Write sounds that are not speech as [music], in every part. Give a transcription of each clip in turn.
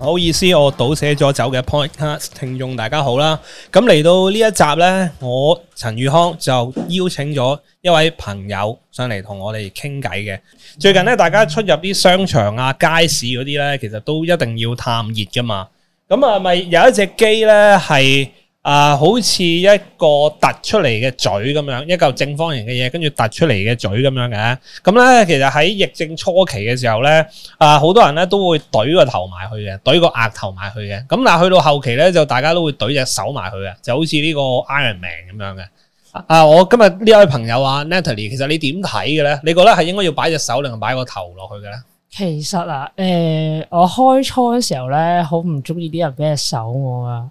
不好意思，我倒寫咗走嘅 point 卡，聽眾大家好啦。咁嚟到呢一集呢，我陳宇康就邀請咗一位朋友上嚟同我哋傾偈嘅。最近呢，大家出入啲商場啊、街市嗰啲呢，其實都一定要探熱㗎嘛。咁啊，咪有一隻機呢？係。啊、呃，好似一個突出嚟嘅嘴咁樣，一嚿正方形嘅嘢，跟住突出嚟嘅嘴咁樣嘅。咁、嗯、咧，其實喺疫症初期嘅時候咧，啊、呃，好多人咧都會懟個頭埋去嘅，懟個額頭埋去嘅。咁嗱，但去到後期咧，就大家都會懟隻手埋去嘅，就好似呢個 Iron Man 咁樣嘅。啊，啊，我今日呢位朋友啊，Natalie，其實你點睇嘅咧？你覺得係應該要擺隻手，定係擺個頭落去嘅咧？其實啊，誒、呃，我開初嘅時候咧，好唔中意啲人俾隻手我啊。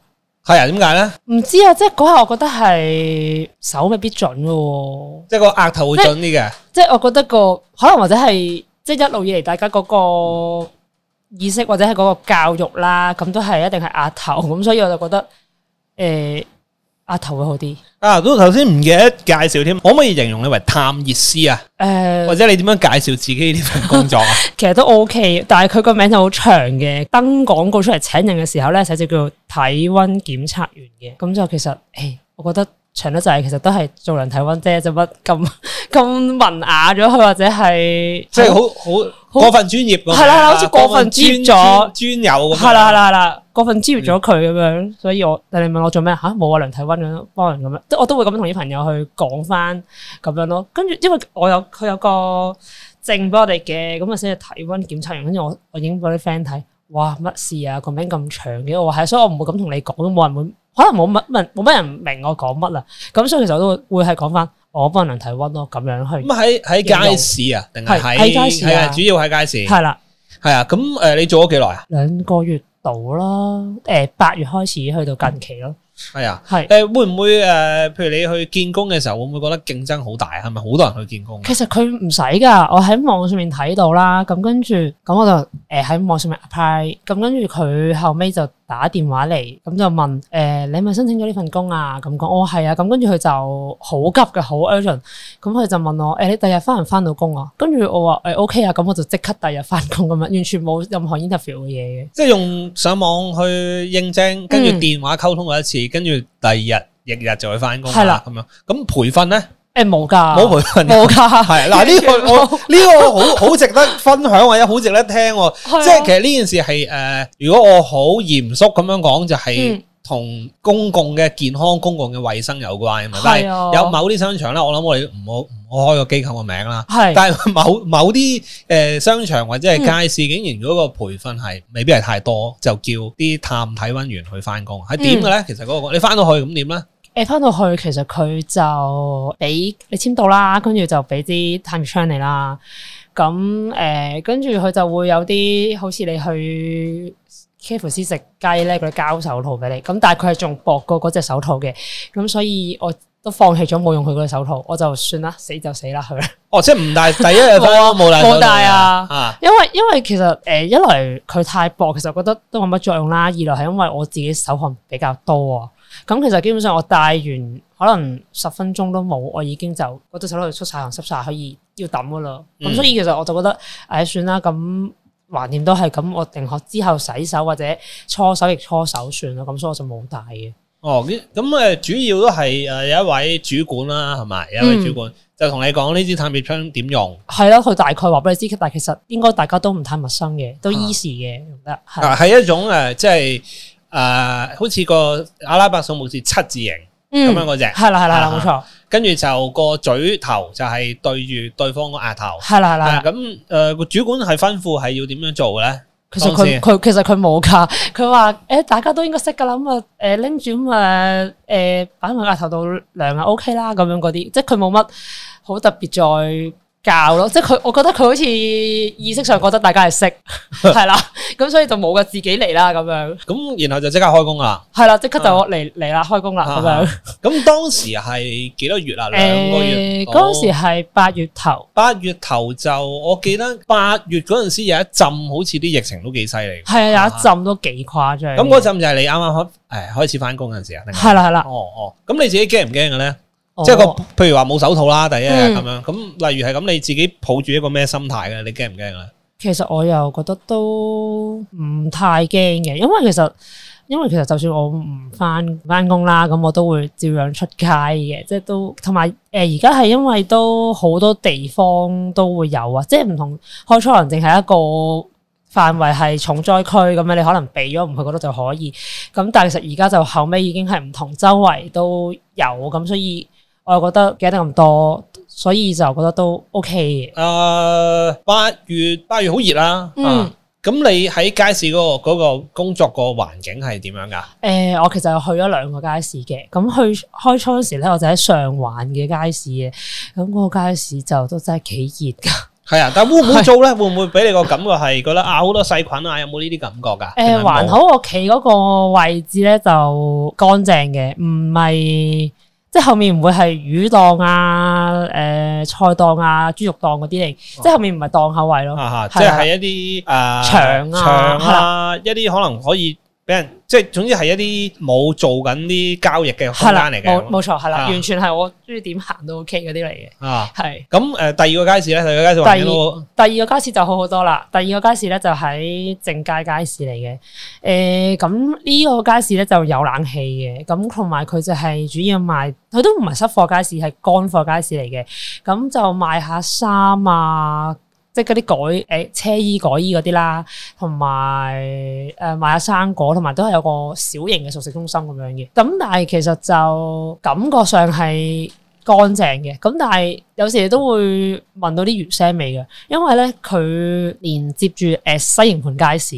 係啊？點解咧？唔知啊！即係嗰下，我覺得係手未必準嘅，即係個額頭會準啲嘅。即係、即係即係、我覺得個可能或者係即係一路以嚟大家嗰個意識或者係嗰個教育啦，咁都係一定係額頭咁，所以我就覺得誒、呃、額頭會好啲啊！咁頭先唔記得介紹添，可唔可以形容你為探熱師啊？誒、呃，或者你點樣介紹自己呢份工作啊？ [laughs] 其實都 OK，但係佢個名就好長嘅。登廣告出嚟請人嘅時候咧，寫住叫做。體溫檢測員嘅，咁就其實，誒，我覺得長得就係其實都係做量體溫啫，做乜咁咁文雅咗？佢或者係即係好好過分專業，係啦係啦，好似過分專咗專有，係啦係啦係啦，過分專業咗佢咁樣，嗯、所以我但係你問我做咩吓，冇啊量體溫咁樣，幫人咁樣，即我都會咁同啲朋友去講翻咁樣咯。跟住因為我有佢有個證俾我哋嘅，咁啊先係體溫檢測員，跟住我我影俾啲 friend 睇。哇！乜事啊？個名咁長嘅，我係，所以我唔會咁同你講，都冇人會，可能冇乜人，冇乜人明我講乜啊！咁所以其實我都會係講翻我幫人量體溫咯，咁樣去。咁喺喺街市啊，定係喺？街市啊！啊主要喺街市。係啦，係啊！咁誒、啊呃，你做咗幾耐啊？兩個月度啦，誒、呃、八月開始去到近期咯。嗯係啊，係誒、哎，是會唔會誒、呃？譬如你去見工嘅時候，會唔會覺得競爭好大？係咪好多人去見工？其實佢唔使㗎，我喺網上面睇到啦。咁跟住，咁我就誒喺、呃、網上面 apply。咁跟住佢後尾就。打電話嚟咁就問，誒、欸、你係咪申請咗呢份工啊？咁講，哦，係啊，咁跟住佢就好急嘅，好 urgent。咁佢就問我，誒、欸、你第日翻唔翻到工啊？跟住我話誒、欸、OK 啊，咁我就即刻第日翻工咁樣，完全冇任何 interview 嘅嘢嘅。即係用上網去應徵，跟住電話溝通過一次，跟住第二日翌日就去翻工啦，咁樣。咁培訓咧？冇噶，冇培訓，冇噶價。係嗱呢個我呢個好好值得分享或者好值得聽。即係 [laughs] 其實呢件事係誒、呃，如果我好嚴肅咁樣講，就係、是、同公共嘅健康、公共嘅衛生有關啊嘛。係、嗯、有某啲商場咧，我諗我哋唔好唔開個機構個名啦。係是但係某某啲誒商場或者係街市，竟然嗰個培訓係未必係太多，就叫啲探體溫員去返工，係點嘅咧？其實嗰、那個你返到去咁點咧？你翻到去，其實佢就俾你簽到啦，跟住就俾啲 time training 你啦。咁誒，跟住佢就會有啲好似你去 KFC 食雞咧，佢交手套俾你。咁但係佢係仲薄過嗰隻手套嘅。咁所以我都放棄咗冇用佢嗰隻手套，我就算啦，死就死啦佢。哦， [laughs] 即係唔戴，第一日波，冇戴 [laughs] 啊，啊因為因為其實誒、呃，一來佢太薄，其實我覺得都冇乜作用啦。二來係因為我自己手汗比較多啊。咁其實基本上我戴完可能十分鐘都冇，我已經就嗰隻、那個、手度出晒汗濕晒，可以要抌㗎啦。咁、嗯、所以其實我就覺得，哎，算啦，咁橫掂都係咁，我定可之後洗手或者搓手液搓手算啦。咁所以我就冇戴嘅。哦，咁誒，主要都係誒有一位主管啦，係咪？有一位主管、嗯、就同你講呢支探熱槍點用？係囉，佢大概話俾你知，但係其實應該大家都唔太陌生嘅，都 easy 嘅，得係、啊。係、啊、一種誒，即係。 [laughs] 誒，好似、uh，個阿拉伯數目字七字形咁、嗯、樣嗰隻，係啦係啦啦，冇 [noise] 錯。嗯、錯跟住就個嘴頭就係對住對方個額頭，係啦係啦。咁誒，個、呃、主管係吩咐係要點樣做咧？其實佢佢其實佢冇噶，佢話誒，大家都應該識噶啦。咁啊誒，拎住咁啊誒，擺埋額頭度量啊，OK 啦，咁樣嗰啲，即係佢冇乜好特別再。教咯，即係佢，我覺得佢好似意識上覺得大家係識，係 [laughs] 啦、嗯，咁所以就冇㗎，自己嚟啦咁樣、 [laughs] 嗯。咁然後就即刻開工啦？係啦，即刻就嚟嚟啦，嗯、開工啦咁樣。咁 [laughs] 當、嗯嗯、時係幾多月啊？兩個月。嗰時係八月頭。八月頭就我記得八月嗰陣時有一浸好似啲疫情都幾犀利。係啊對，嗯、有一浸都幾誇張。咁嗰陣就係你啱啱開誒開始翻工嗰陣時啊？係啦係啦。哦哦，咁你自己驚唔驚嘅咧？即係個，譬如話冇手套啦，第一日咁、嗯、樣。咁例如係咁，你自己抱住一個咩心態嘅？你驚唔驚噶？其實我又覺得都唔太驚嘅，因為其實，因為其實就算我唔翻翻工啦，咁我都會照樣出街嘅。即係都同埋，誒而家係因為都好多地方都會有啊，即係唔同。開初可能淨係一個範圍係重災區咁樣，你可能避咗唔去嗰度就可以。咁但係其實而家就後尾已經係唔同，周圍都有咁，所以。我覺得記得咁多，所以就覺得都 OK。誒、呃，八月八月好熱啦、啊。嗯，咁、啊、你喺街市嗰、那個工作個環境係點樣㗎？誒、呃，我其實去咗兩個街市嘅，咁去開初陣時咧，我就喺上環嘅街市嘅，咁、那個街市就都真係幾熱㗎。係啊，但係污糟咧，唉會唔會俾你個感覺係覺得啊好多細菌啊？有冇呢啲感覺㗎？誒、呃，環頭我企嗰個位置咧就乾淨嘅，唔係。即係後面唔會係魚檔啊、誒、呃、菜檔啊、豬肉檔嗰啲嚟，哦、即係後面唔係檔口位咯，即係一啲誒牆啊、牆吧、呃、啊，啊吧一啲可能可以。即係，總之係一啲冇做緊啲交易嘅空間嚟嘅，冇冇錯，係啦，的完全係我中意點行都 OK 嗰啲嚟嘅，的的啊，係。咁誒，第二個街市咧，第二個街市環境都，第二個街市就好好多啦。第二個街市咧就喺正街街市嚟嘅，誒、呃，咁呢個街市咧就有冷氣嘅，咁同埋佢就係主要賣，佢都唔係濕貨街市，係乾貨街市嚟嘅，咁就賣下衫啊。即係嗰啲改誒、欸、車衣改衣嗰啲啦，同埋誒買下生果，同埋都係有個小型嘅熟食中心咁樣嘅。咁但係其實就感覺上係乾淨嘅。咁但係有時都會聞到啲魚腥味嘅，因為咧佢連接住誒、呃、西營盤街市。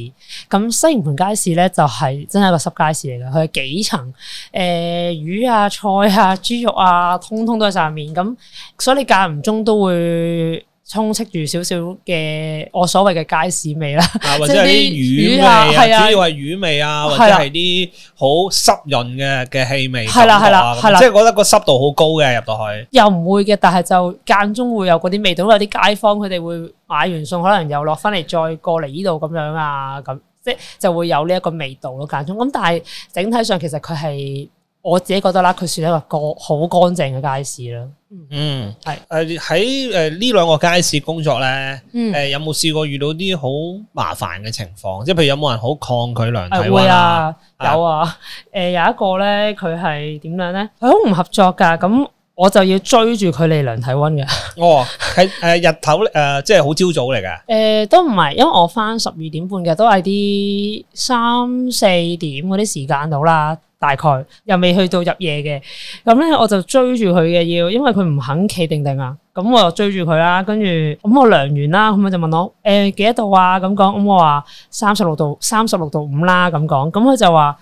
咁西營盤街市咧就係、是、真係一個濕街市嚟嘅，佢係幾層誒、呃、魚啊菜啊豬肉啊，通通都喺上面。咁所以你間唔中都會。充斥住少少嘅我所謂嘅街市味啦，或者係啲魚味啊，主要係魚味啊，或者係啲好濕潤嘅嘅氣味，係啦係啦係啦，即係覺得個濕度好高嘅入到去。又唔會嘅，但係就間中會有嗰啲味道，有啲街坊佢哋會買完餸，可能又落翻嚟再過嚟呢度咁樣啊，咁即係就會有呢一個味道咯間中。咁但係整體上其實佢係。我自己覺得啦，佢算一個個好乾淨嘅街市啦。嗯，係誒喺誒呢兩個街市工作咧，誒、呃、有冇試過遇到啲好麻煩嘅情況？即係譬如有冇人好抗拒量體溫啊、哎、啊？有啊，誒、啊呃、有一個咧，佢係點樣咧？佢好唔合作㗎咁。我就要追住佢嚟量體溫嘅。哦，係誒、呃，日頭誒，即係好朝早嚟嘅。誒，都唔係，因為我返十二點半嘅，都係啲三四點嗰啲時間到啦，大概又未去到入夜嘅。咁、嗯、咧，我就追住佢嘅，要因為佢唔肯企定定啊。咁、嗯、我就追住佢啦。跟住咁我量完啦，咁、嗯、佢就問我誒、呃、幾多度啊？咁講咁我話三十六度三十六度五啦、啊。咁講咁佢就話。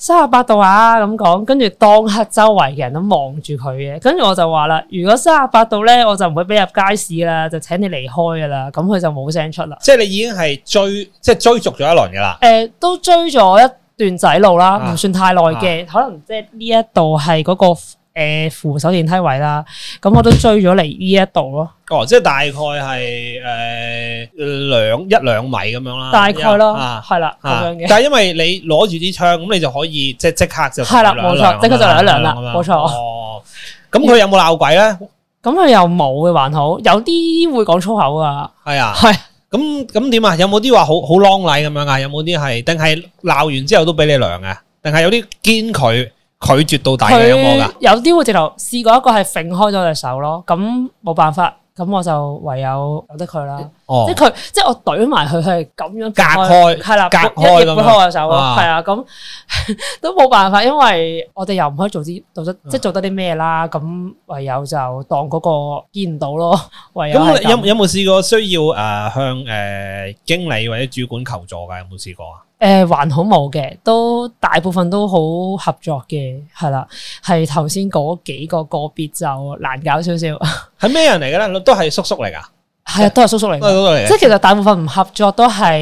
三十八度啊，咁講，跟住當刻周圍嘅人都望住佢嘅，跟住我就話啦，如果三十八度咧，我就唔會俾入街市啦，就請你離開噶啦，咁佢就冇聲出啦。即係你已經係追，即係追逐咗一輪噶啦。誒、呃，都追咗一段仔路啦，唔算太耐嘅，啊啊、可能即係呢一度係嗰個。誒扶手電梯位啦，咁我都追咗嚟呢一度咯。哦，即係大概係誒兩一兩米咁樣啦。大概咯，係啦咁樣嘅。但係因為你攞住支槍，咁你就可以即即刻就係啦，冇錯，即刻就量一量啦，冇錯。哦，咁佢有冇鬧鬼咧？咁佢、嗯嗯、又冇嘅，還好。有啲會講粗口噶。係啊，係是。咁咁點啊？有冇啲話好好啷 o 禮咁樣啊？有冇啲係？定係鬧完之後都俾你量啊？定係有啲堅拒？拒絕到大嘅樣噶？有啲會直頭試過，一個係揈開咗隻手咯，咁冇辦法，咁我就唯有由得佢啦。哦，即係佢，即係我懟埋佢係咁樣隔開，係啦，一嘢撥開個手，係啊，咁都冇辦法，因為我哋又唔可以做啲，做咗即係做得啲咩啦，咁唯有就當嗰個見唔到咯。唯有咁，有有冇試過需要誒向誒經理或者主管求助噶？有冇試過啊？誒、呃，還好冇嘅，都大部分都好合作嘅，係啦，係頭先嗰幾個個別就難搞少少，係咩人嚟嘅咧？都係叔叔嚟㗎。係啊，都係叔叔嚟嘅。即係其實大部分唔合作都係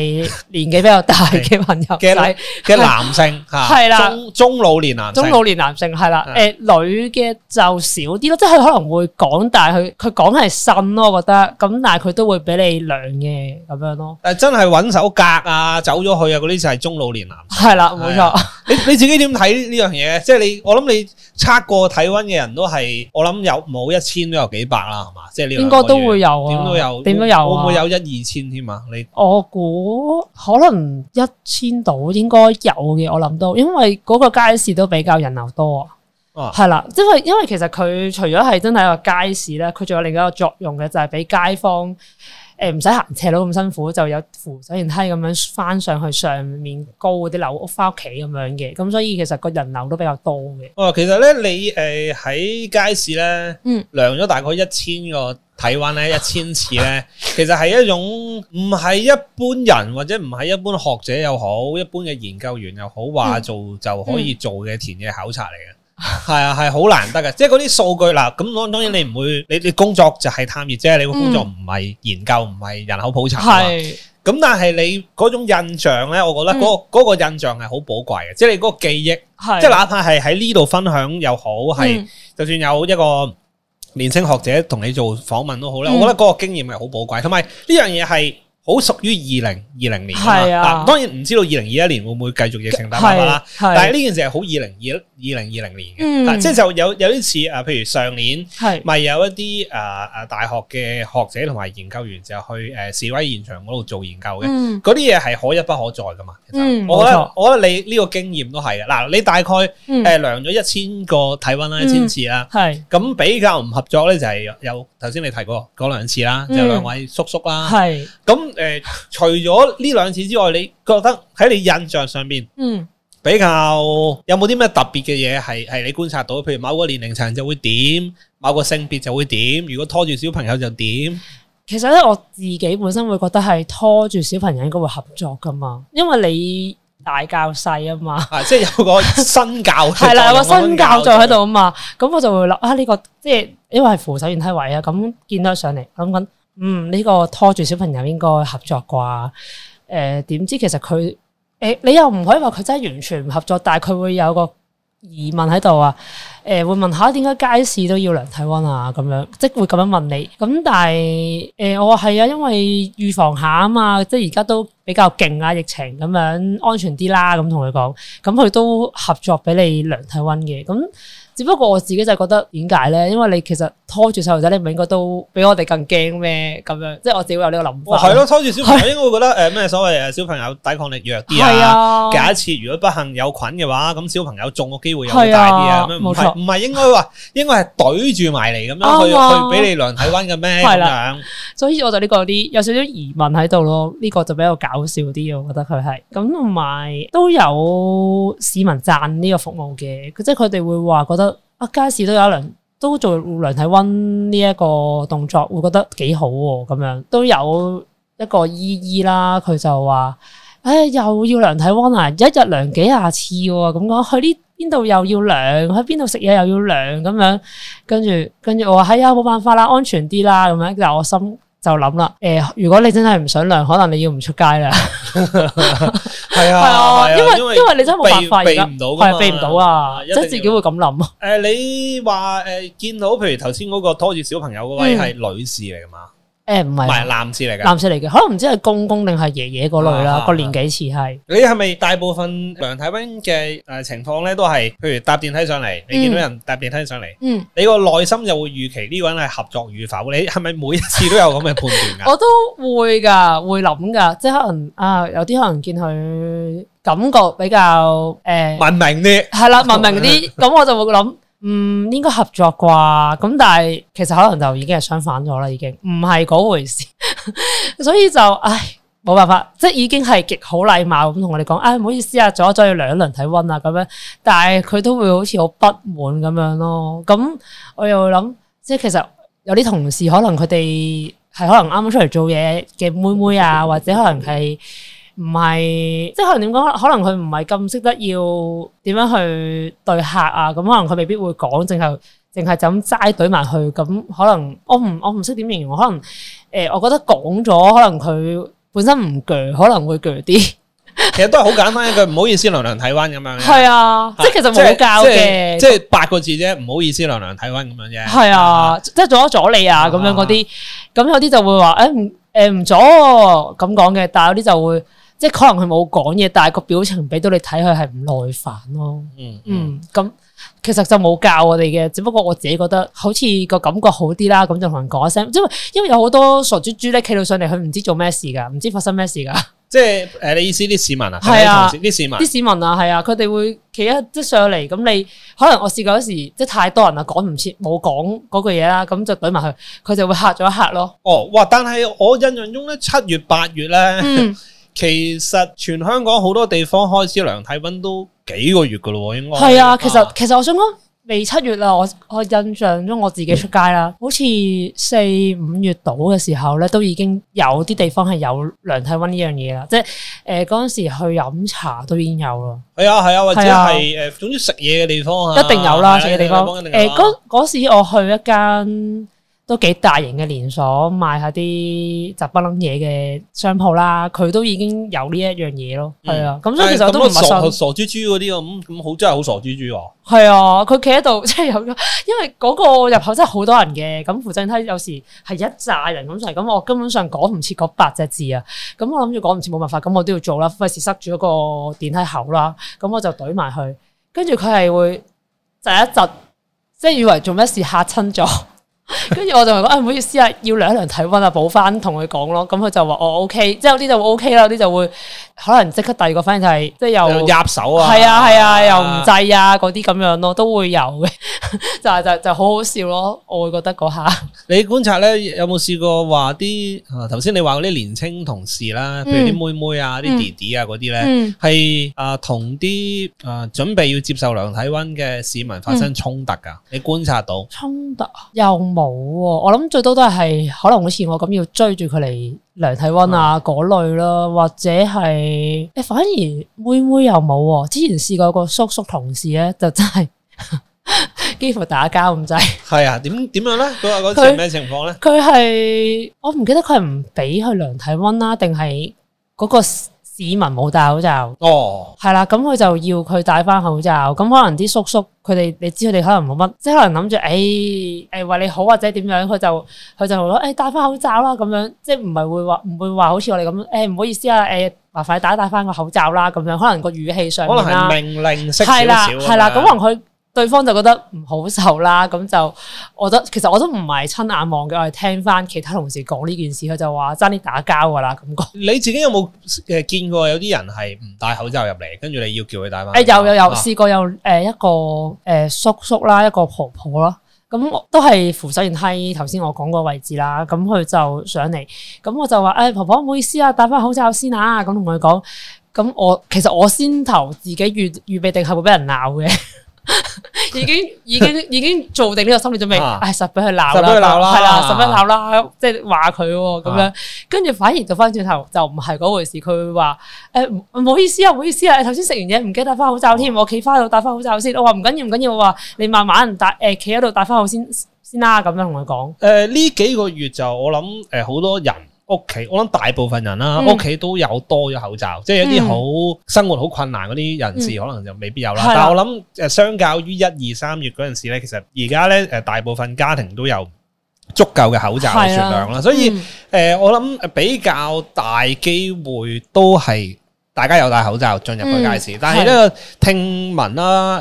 年紀比較大嘅朋友仔嘅男性吓，係啦，中中老年男，中老年男性係啦，誒女嘅就少啲咯，即係可能會講，但係佢佢講係呻咯，我覺得咁，但係佢都會俾你量嘅咁樣咯。誒，真係搵手隔啊，走咗去啊，嗰啲就係中老年男。係啦，冇錯。你你自己點睇呢樣嘢？即係你，我諗你測過體溫嘅人都係，我諗有冇一千都有幾百啦，係嘛？即係呢。應該都會有，點都有。點都有啊！會唔會有一二千添啊？你我估可能一千度應該有嘅，我諗到，因為嗰個街市都比較人流多啊。哦，係啦，因為因為其實佢除咗係真係個街市咧，佢仲有另一個作用嘅，就係俾街坊誒唔使行斜路咁辛苦，就有扶手電梯咁樣翻上去上面高嗰啲樓屋翻屋企咁樣嘅。咁所以其實個人流都比較多嘅。哦、啊，其實咧你誒喺街市咧，嗯，量咗大概一千個。嗯睇完咧一千次咧，其實係一種唔係一般人或者唔係一般學者又好，一般嘅研究員又好，話做就可以做嘅田野考察嚟嘅，係啊係好難得嘅，即係嗰啲數據嗱，咁我當然你唔會，你你工作就係探熱啫，你個工作唔係研究唔係、嗯、人口普查，係咁是，但係你嗰種印象咧，我覺得嗰個印象係好寶貴嘅，即係、嗯、你嗰個記憶，是即係哪怕係喺呢度分享又好，係、嗯、就算有一個。年青學者同你做訪問都好啦，嗯、我覺得嗰個經驗係好寶貴，同埋呢樣嘢係。好屬於二零二零年啊，當然唔知道二零二一年會唔會繼續疫情㗎啦。但係呢件事係好二零二二零二零年嘅，即係就有有啲似啊，譬如上年咪有一啲啊啊大學嘅學者同埋研究員就去誒示威現場嗰度做研究嘅，嗰啲嘢係可一不可再噶嘛。其實我我覺得你呢個經驗都係嘅。嗱，你大概誒量咗一千個體温啦，一千次啦，咁比較唔合作咧就係有頭先你提過嗰兩次啦，就兩位叔叔啦，咁。誒、呃，除咗呢兩次之外，你覺得喺你印象上面嗯，比較有冇啲咩特別嘅嘢係係你觀察到？譬如某個年齡層就會點，某個性別就會點，如果拖住小朋友就點。其實咧，我自己本身會覺得係拖住小朋友應該會合作噶嘛，因為你大教細啊嘛， [laughs] 即係有個新教係啦， [laughs] 有個新教在喺度啊嘛，咁、嗯、我就會諗啊，呢、呢個即係因為係扶手電梯，梯位啊，咁見到上嚟諗緊。想嗯，呢、這個拖住小朋友應該合作啩？誒、呃，點知其實佢誒、呃，你又唔可以話佢真係完全唔合作，但係佢會有個疑問喺度啊？誒、呃，會問下點解街市都要量體溫啊？咁樣即係會咁樣問你。咁但係誒、呃，我話係啊，因為預防下啊嘛，即係而家都比較勁啊，疫情咁樣安全啲啦。咁同佢講，咁佢都合作俾你量體溫嘅。咁。只不過我自己就覺得點解咧？因為你其實拖住細路仔，你唔應該都比我哋更驚咩？咁樣即係我自己有呢個諗法。係咯、哦，拖住小朋友應該會覺得誒咩、 [laughs] 呃、所謂誒小朋友抵抗力弱啲啊。係啊。假設如果不幸有菌嘅話，咁小朋友中嘅機會又會大啲啊？冇錯、啊。唔係應該話，啊、應該係對住埋嚟咁樣去去俾你量體溫嘅咩？係啦、啊。所以我就呢個啲有，有少少疑問喺度咯。呢、這個就比較搞笑啲，我覺得佢係咁，同埋都有市民讚呢個服務嘅。即係佢哋會話覺得。啊街市都有量，都做量體溫呢一個動作，會覺得幾好喎、啊。咁樣都有一個意義啦。佢就話，唉、哎，又要量體溫啊，一日量幾廿次喎、啊。咁講，去呢邊度又要量，去邊度食嘢又要量，咁樣跟住跟住我話，係、哎、啊，冇辦法啦，安全啲啦。咁樣，但係我心。就諗啦，誒、呃，如果你真係唔想量，可能你要唔出街啦。係 [laughs] 啊，係 [laughs] 啊，因為因為，因為你真係冇辦法而家，係避唔到啊，即係自己會咁諗咯。誒、呃，你話誒、呃，見到譬如頭先嗰個拖住小朋友嗰位係女士嚟噶嘛？嗯誒，唔係、欸，係男士嚟嘅，男士嚟嘅，可能唔知係公公定係爺爺嗰類啦，哦啊、個年紀似係。你係咪大部分量體溫嘅誒情況咧，都係譬如搭電梯上嚟，你見到人搭電梯上嚟，嗯，你個內心就會預期呢個人係合作與否？你係咪每一次都有咁嘅判斷噶？ [laughs] [laughs] 我都會噶，會諗噶，即係可能啊，有啲可能見佢感覺比較誒、呃、文明啲，係啦， [laughs] 文明啲咁我就會諗。嗯，應該合作啩咁，但係其實可能就已經係相反咗啦。已經唔係嗰回事， [laughs] 所以就唉冇辦法，即係已經係極好禮貌咁同我哋講唉，唔好意思啊，阻咗要量一輪體溫啊，咁樣，但係佢都會好似好不滿咁樣咯。咁我又諗，即係其實有啲同事可能佢哋係可能啱啱出嚟做嘢嘅妹妹啊，或者可能係。唔係即係點講？可能佢唔係咁識得要點樣去對客啊。咁可能佢未必會講，淨係淨係就咁齋懟埋去。咁可能我唔我唔識點形容。可能誒，我覺得講咗，可能佢本身唔攰，可能會攰啲。其實都係好簡單一句唔好意思，量量體溫咁樣咧。係啊，即係其實冇教嘅，即係八個字啫，唔好意思，量量體溫咁樣啫。係啊，即係阻一阻你啊，咁樣嗰啲。咁有啲就會話誒，誒唔阻咁講嘅，但係有啲就會。即係可能佢冇講嘢，但係個表情俾到你睇，佢係唔耐煩咯。嗯嗯，咁、嗯、其實就冇教我哋嘅，只不過我自己覺得好似個感覺好啲啦。咁就同人講一聲，因為因為有好多傻豬豬咧企到上嚟，佢唔知做咩事噶，唔知發生咩事噶。即係誒，你意思啲市民啊？係啊，啲市民啲市民啊，係啊，佢哋、啊啊、會企一即上嚟，咁你可能我試過有時即係太多人啦，講唔切，冇講嗰句嘢啦，咁就懟埋佢，佢就會嚇咗一嚇咯。哦，哇！但係我印象中咧，七月八月咧。 [laughs] 嗯其實全香港好多地方開始量體温都幾個月噶咯喎，應該係啊。其實其實我想講，未七月啦，我我印象中我自己出街啦，嗯、好似四五月度嘅時候咧，都已經有啲地方係有量體温呢樣嘢啦。即係誒嗰陣時去飲茶都已經有咯。係啊係啊，或者係誒，啊、總之食嘢嘅地方嚇、啊，一定有啦食嘢地方。誒嗰嗰時我去一間。都幾大型嘅連鎖賣下啲雜不楞嘢嘅商鋪啦，佢都已經有呢一樣嘢咯，係、嗯、啊，咁所以其實都唔陌生。傻豬豬嗰啲咁咁好真係好傻豬豬啊！係啊，佢企喺度即係有，因為嗰個入口真係好多人嘅，咁扶正梯有時係一紮人咁就係咁，我根本上講唔切嗰八隻字啊，咁我諗住講唔切冇辦法，咁我都要做啦，費事塞住一個電梯口啦，咁我就懟埋去，跟住佢係會窒一窒，即係以為做咩事嚇親咗。跟住 [laughs] 我就同佢講，唔好意思啊，要量一量體溫啊，補翻同佢講咯。咁、嗯、佢就話我 O、OK, K，即係有啲就 O K 啦，啲就會可能即刻第二個 friend 就係即係又入手啊，係啊係啊，又唔制啊嗰啲咁樣咯，都會有嘅， [laughs] 就係就就好好笑咯，我會覺得嗰下。你觀察咧有冇試過話啲，頭、啊、先你話嗰啲年青同事啦，譬、嗯、如啲妹妹啊、啲弟弟啊嗰啲咧，係啊同啲啊準備要接受量體溫嘅市民發生衝突噶、嗯？你觀察到衝突又？冇喎、啊，我諗最多都係可能好似我咁要追住佢嚟量體溫啊嗰是的 類咯，或者係，誒反而妹妹又冇喎。之前試過個叔叔同事咧，就真係 [laughs] 幾乎打交咁滯。係啊，點點樣咧？佢話嗰次咩情況咧？佢係我唔記得佢係唔俾去量體溫啦、啊，定係嗰個。市民冇戴口罩，哦，係啦，咁佢就要佢戴翻口罩，咁可能啲叔叔佢哋，你知佢哋可能冇乜，即係可能諗住，誒、欸，誒、欸，為你好或者點樣，佢就佢就話，誒、欸，戴翻口罩啦，咁樣，即係唔係會話，唔會話好似我哋咁，誒、欸，唔好意思啊，誒、欸，麻煩你戴一戴翻個口罩啦，咁樣，可能個語氣上，可能係命令，係啦的，係啦的，咁可能佢。的對方就覺得唔好受啦，咁就我覺得其實我都唔係親眼望嘅，我係聽翻其他同事講呢件事。佢就話爭啲打交噶啦，咁、講。你自己有冇誒見過有啲人係唔戴口罩入嚟，跟住你要叫佢戴翻？誒、欸、有有有試過有誒、呃、一個誒、呃、叔叔啦，一個婆婆咯，咁都係扶手電梯頭先我講個位置啦，咁佢就上嚟，咁我就話誒、欸、婆婆唔好意思啊，戴翻口罩先啊，咁同佢講。咁我其實我先頭自己預預備定係會俾人鬧嘅。 [laughs] [laughs] 已經已經已經做定呢個心理準備，唉、啊，實俾佢鬧啦，係啦，實俾鬧啦，即係話佢咁樣，跟住、啊、反而就翻轉頭就唔係嗰回事，佢會話誒，唔、欸、好意思啊，唔好意思啊，頭先食完嘢唔記得戴翻口罩添，啊、我企翻度戴翻口罩先，我話唔緊要唔緊要，要，要，我話你慢慢戴，誒，企喺度戴翻口先先啦、啊，咁樣同佢講。誒、呃，呢幾個月就我諗誒，好多人。屋企，我諗大部分人啦，屋企都有多咗口罩，嗯、即係一啲好生活好困難嗰啲人士，嗯、可能就未必有啦。嗯、但係我諗，誒，相較於一二三月嗰陣時咧，其實而家咧，誒，大部分家庭都有足夠嘅口罩嘅數、嗯、量啦。所以，誒、嗯呃，我諗比較大機會都係大家有戴口罩進入個街市。嗯、但係呢個聽聞啦，誒，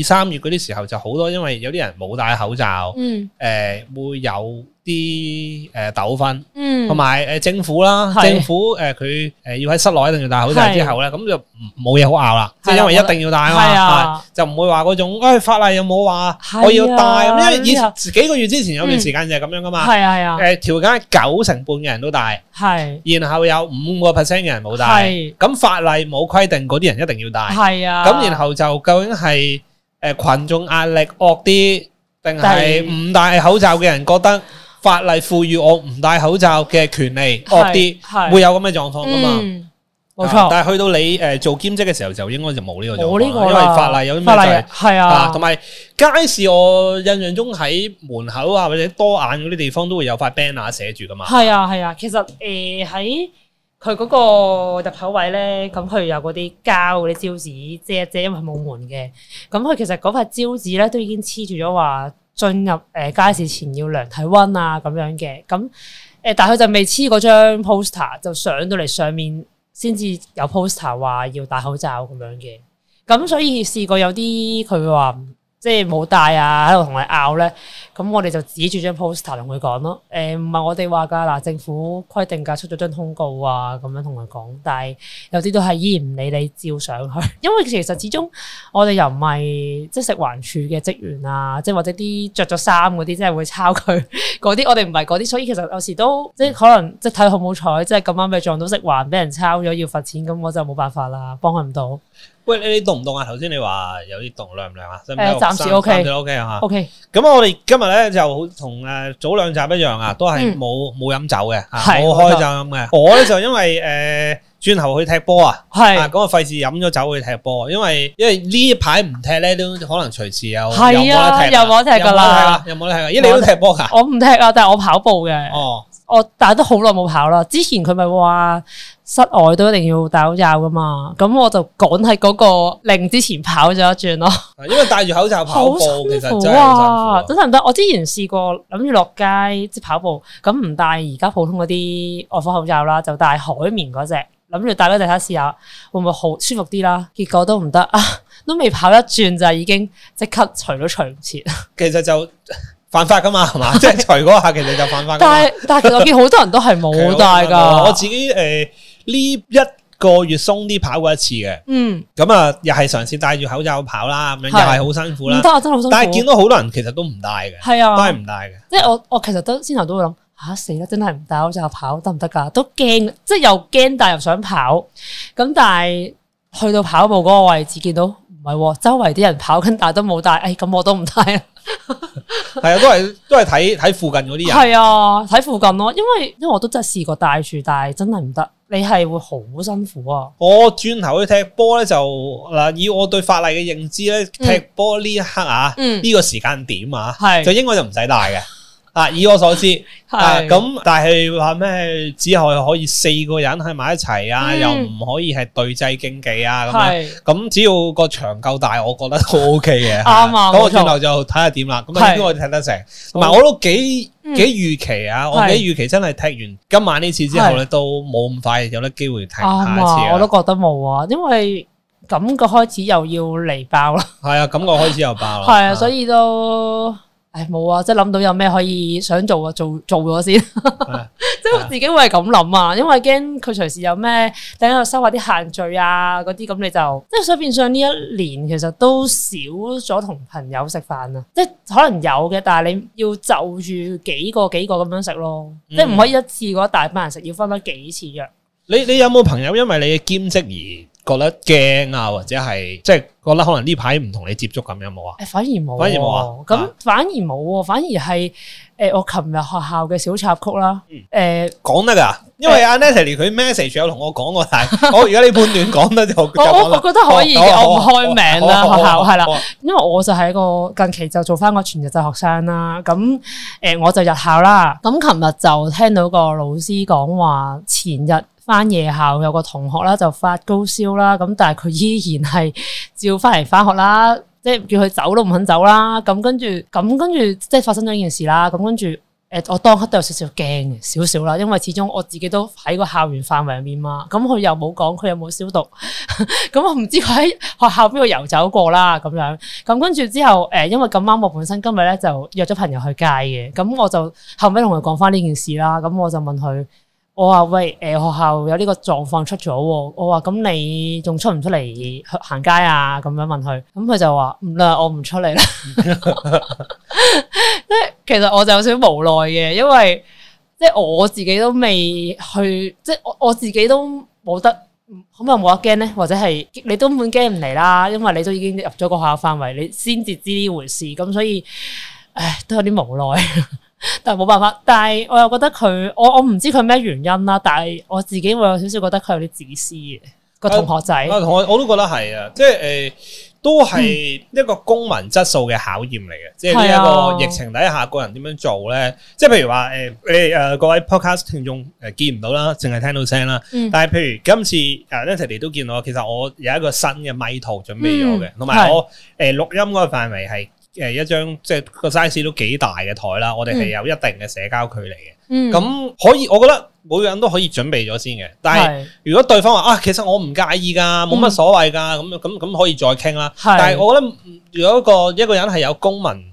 二三月嗰啲時候就好多，因為有啲人冇戴口罩，嗯，誒、呃，會有。啲誒糾紛，嗯，同埋誒政府啦，政府誒佢誒要喺室內一定要戴口罩之後咧，咁就冇嘢好拗啦，即係因為一定要戴嘛，就唔會話嗰種法例有冇話我要戴，因為以幾個月之前有段時間就係咁樣噶嘛，係啊，誒條街九成半嘅人都戴，係，然後有五個 percent 嘅人冇戴，咁法例冇規定嗰啲人一定要戴，係啊，咁然後就究竟係誒羣眾壓力惡啲，定係唔戴口罩嘅人覺得法例賦予我唔戴口罩嘅權利惡啲，會有咁嘅狀況噶嘛？冇、嗯啊、錯。但係去到你誒、呃、做兼職嘅時候，就應該就冇呢個狀況啦，因為法例有啲咩就係、啊。同埋、啊、街市，我印象中喺門口啊或者多眼嗰啲地方都會有塊 banner 寫住噶嘛。係啊係啊，其實誒喺佢嗰個入口位咧，咁佢有嗰啲膠嗰啲招紙遮一遮，因為冇門嘅。咁佢其實嗰塊招紙咧都已經黐住咗話。進入誒、呃、街市前要量體溫啊咁樣嘅，咁誒但係佢就未黐過張 poster，就上到嚟上面先至有 poster 話要戴口罩咁樣嘅，咁所以試過有啲佢話即係冇戴啊喺度同你拗咧，咁我哋就指住張 poster 同佢講咯，誒唔係我哋話㗎嗱，政府規定㗎，出咗張通告啊，咁樣同佢講。但係有啲都係依然唔理你照上去，因為其實始終我哋又唔係即食環署嘅職員啊，即或者啲着咗衫嗰啲，即係會抄佢嗰啲，我哋唔係嗰啲，所以其實有時都即可能即睇好唔好彩，即咁啱咪撞到食環，俾人抄咗要罰錢，咁我就冇辦法啦，幫佢唔到。喂，你動動你凍唔凍啊？頭先你話有啲凍涼唔涼啊？誒，暫時 OK，OK o k 咁我哋今日。咧就好同誒早兩集一樣啊，都係冇冇飲酒嘅，啊、嗯，冇開酒飲嘅。的我咧就因為誒。呃轉頭去踢波啊？係是，咁啊，費事飲咗酒去踢波，因為因為呢一排唔踢咧，都可能隨時有。啊、又冇得踢，又冇得踢噶啦，又冇得踢。咦踢、啊，你都踢波噶？我唔踢啊，但係我跑步嘅。哦，我但係都好耐冇跑啦。之前佢咪話室外都一定要戴口罩噶嘛，咁我就趕喺嗰個令之前跑咗一轉咯。因為戴住口罩跑步， [laughs] 啊、其實真係辛苦，真係唔得。我之前試過諗住落街即係跑步，咁唔戴而家普通嗰啲外科口罩啦，就戴海綿嗰隻。諗住戴咗大家次下，會唔會好舒服啲啦，啊？結果都唔得啊，都未跑一轉就已經即刻除咗除唔切。其實就犯法噶嘛，係嘛是的 吧？即係除嗰下，其實就犯法但。但係但係，我見好多人都係冇戴噶。我自己誒呢、呃、一個月鬆啲跑過一次嘅，嗯，咁啊又係嘗試戴住口罩跑啦，咁樣又係好辛苦啦。得真係好辛苦。辛苦但係見到好多人其實都唔戴嘅，係啊的，都係唔戴嘅。即係我我其實都先頭都會諗。嚇死啦！真係唔戴口罩跑得唔得噶？都驚，即係又驚，但又想跑。咁但係去到跑步嗰個位置，見到唔係、啊，周圍啲人跑緊，但係都冇戴。哎，咁我都唔戴 [laughs] 啊！係啊，都係都係睇睇附近嗰啲人。係啊，睇附近咯，因為因為我都真係試過戴住，但係真係唔得。你係會好辛苦啊！我轉頭去踢波咧，就嗱以我對法例嘅認知咧，踢波呢一刻啊，呢、嗯嗯、個時間點啊，係是就應該就唔使戴嘅。啊！以我所知，係咁，但係話咩？只係可以四個人喺埋一齊啊，又唔可以係對峙競技啊咁樣。咁只要個場夠大，我覺得都 OK 嘅。啱啊，咁我以後就睇下點啦。咁應該我踢得成，同埋我都幾幾預期啊。我幾預期真係踢完今晚呢次之後咧，都冇咁快有得機會踢下一次。我都覺得冇啊，因為感覺開始又要嚟爆啦。係啊，感覺開始又爆啦。係啊，所以都。冇啊！即諗到有咩可以想做，做，做 [laughs] 啊，做做咗先。即我自己會係咁諗啊，因為驚佢隨時有咩，等我收下啲限聚啊嗰啲，咁你就即所以變相呢一年其實都少咗同朋友食飯啊。即可能有嘅，但係你要就住幾個幾個咁樣食咯，你唔、嗯、可以一次過大班人食，要分多幾次約。你你有冇朋友因為你嘅兼職而？覺得驚啊，或者係即係覺得可能呢排唔同你接觸咁、嗯、有冇啊？誒、啊，反而冇，反而冇，咁反而冇，反而係誒，我琴日學校嘅小插曲啦，誒、呃，講、嗯、得噶，因為阿 Natalie 佢 message 有同我講過，但係我而家你判斷講得就， [laughs] 就我我覺得可以嘅，好我唔開名啦，學校係啦，因為我就係一個近期就做翻個全日制學生啦，咁誒、呃、我就入校啦，咁琴日就聽到個老師講話前日。返夜校有個同學啦，就發高燒啦，咁但係佢依然係照返嚟返學啦，即係叫佢走都唔肯走啦。咁跟住，咁跟住即係發生咗呢件事啦。咁跟住，誒、呃、我當刻都有少少驚少少啦，因為始終我自己都喺個校園範圍入面嘛。咁佢又冇講佢有冇消毒，咁 [laughs] 我唔知佢喺學校邊度游走過啦咁樣。咁跟住之後，誒、呃、因為咁啱我本身今日咧就約咗朋友去街嘅，咁我就後尾同佢講返呢件事啦。咁我就問佢。我話喂，誒，學校有呢個狀況出咗，我話咁你仲出唔出嚟行街啊？咁樣問佢，咁佢就話唔啦，我唔出嚟啦。即係其實我就有少少無奈嘅，因為即係我自己都未去，即係我我自己都冇得，可唔可冇得驚咧？或者係你都滿驚唔嚟啦，因為你都已經入咗個學校範圍，你先至知呢回事，咁所以，唉，都有啲無奈。但係冇辦法，但係我又覺得佢，我我唔知佢咩原因啦。但係我自己會有少少覺得佢有啲自私嘅，那個同學仔。啊、我我都覺得係啊，即係誒、呃，都係一個公民質素嘅考驗嚟嘅。即係呢一個疫情底下個人點樣做咧？是啊、即係譬如話誒誒各位 podcast 聽眾誒見唔到啦，淨係聽到聲啦。嗯、但係譬如今次誒、嗯 uh, Natalie 都見到，其實我有一個新嘅咪頭準備咗嘅，同埋、嗯、我誒錄、呃、音嗰個範圍係。誒一張即係個 size 都幾大嘅台啦，嗯、我哋係有一定嘅社交距離嘅，咁、嗯、可以，我覺得每個人都可以準備咗先嘅。但係如果對方話啊，其實我唔介意㗎，冇乜所謂㗎，咁咁咁可以再傾啦。是但係我覺得如果一個一個人係有公民。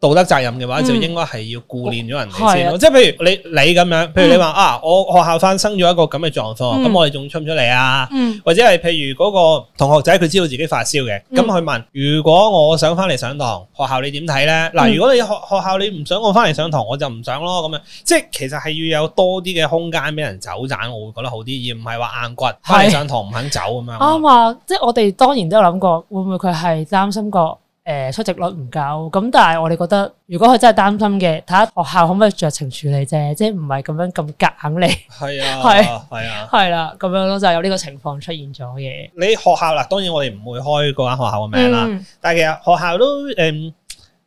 道德責任嘅話，就應該係要顧念咗人哋先。即係譬如你你咁樣，譬如你話啊，我學校發生咗一個咁嘅狀況，咁我哋仲出唔出嚟啊？或者係譬如嗰個同學仔佢知道自己發燒嘅，咁佢問：如果我想翻嚟上堂，學校你點睇咧？嗱，如果你學學校你唔想我翻嚟上堂，我就唔想咯。咁樣即係其實係要有多啲嘅空間俾人走盞，我會覺得好啲，而唔係話硬骨翻嚟上堂唔肯走咁樣。啱啊！即係我哋當然都有諗過，會唔會佢係擔心過？誒，出席率唔夠，咁但係我哋覺得，如果佢真係擔心嘅，睇下學校可唔可以酌情處理啫，即係唔係咁樣咁夾硬嚟。係啊，係啊，係啊，係啦，咁樣咯，就係有呢個情況出現咗嘅。你學校啦，當然我哋唔會開嗰間學校嘅名啦，但係其實學校都誒，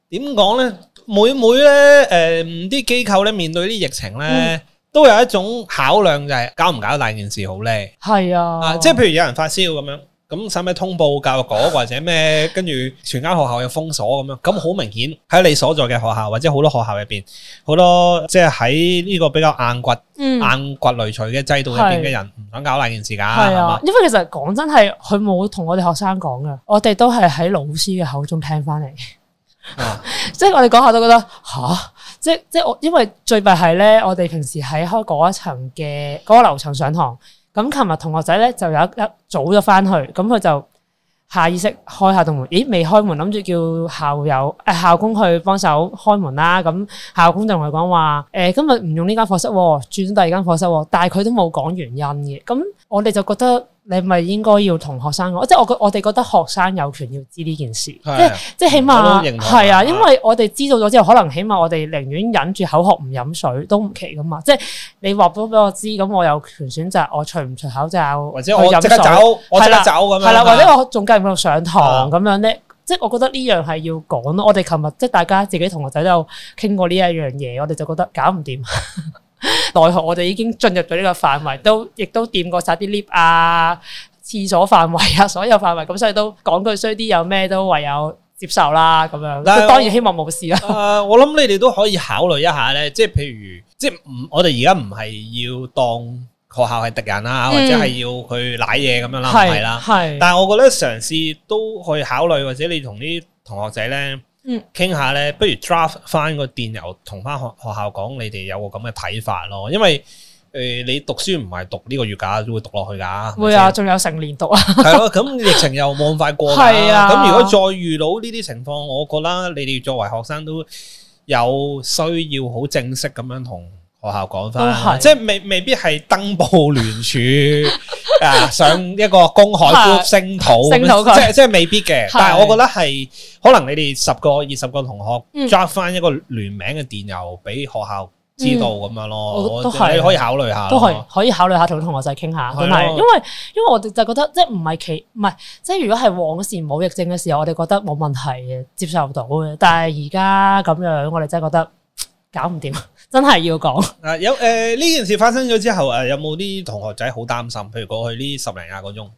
點講咧？每每咧，誒，啲機構咧面對啲疫情咧，都有一種考量，就係搞唔搞得大件事好咧。係啊，即係譬如有人發燒咁樣。咁使唔使通報教育局或者咩？跟住全間學校又封鎖咁樣，咁好明顯喺你所在嘅學校或者好多學校入邊，好多即係喺呢個比較硬骨、嗯、硬骨雷贅嘅制度入邊嘅人，唔想搞大件事噶。係啊，因為其實講真係，佢冇同我哋學生講噶，我哋都係喺老師嘅口中聽翻嚟。即係、啊、 [laughs] 我哋講下都覺得吓，即係即係我，因為最弊係咧，我哋平時喺開嗰一層嘅嗰個樓層上堂。咁琴日同學仔咧就有一一早咗翻去，咁、嗯、佢就下意識開下道門，咦，未開門，諗住叫校友誒、啊、校工去幫手開門啦，咁、嗯、校工就同佢講話，誒今日唔用呢間課室喎、哦，轉第二間課室喎、哦，但係佢都冇講原因嘅，咁、嗯、我哋就覺得。你係咪應該要同學生講，即係我覺我哋覺得學生有權要知呢件事，的即係起碼係啊，的因為我哋知道咗之後，可能起碼我哋寧願忍住口渴唔飲水都唔奇噶嘛，即係你話咗俾我知，咁我有權選擇我除唔除口罩，或者我即刻走，的我即刻走咁樣，係啦，或者我仲繼續上堂咁的樣咧，即係我覺得呢樣係要講咯。我哋琴日即係大家自己同學仔都有傾過呢一樣嘢，我哋就覺得搞唔掂。 [laughs] 奈何我哋已經進入咗呢個範圍，都亦都掂過晒啲 𨋢 啊、廁所範圍啊，所有範圍、啊，咁所、啊、所以都講句衰啲，有咩都唯有接受啦，咁樣。但我當然希望冇事啦、呃。我諗你哋都可以考慮一下呢，即係譬如，即係唔，我哋而家唔係要當學校係敵人啦，或者係要去舐嘢咁樣、嗯、啦，唔係啦。但係我覺得嘗試都去考慮，或者你同啲同學仔呢。嗯，傾下咧，不如 draft 翻個電郵同翻學學校講，你哋有個咁嘅睇法咯。因為誒、呃，你讀書唔係讀呢個月假，都會讀落去噶。會啊，仲有成年讀 [laughs] 啊。係咯，咁疫情又冇咁快過啦。係 [laughs] 是啊，咁如果再遇到呢啲情況，我覺得你哋作為學生都有需要好正式咁樣同。學校講翻，即係未未必係登報聯署啊，上一個公海報星討，即係即係未必嘅。但係我覺得係可能你哋十個二十個同學 d r 翻一個聯名嘅電郵俾學校知道咁樣咯，我哋可以考慮下，都可以可以考慮下同同學仔傾下，係因為因為我哋就覺得即係唔係其唔係，即係如果係往時冇疫症嘅時候，我哋覺得冇問題嘅，接受到嘅。但係而家咁樣，我哋真係覺得搞唔掂。真係要講啊！有誒，呢、呃、件事發生咗之後誒、啊，有冇啲同學仔好擔心？譬如過去十十有有呢十零廿個鐘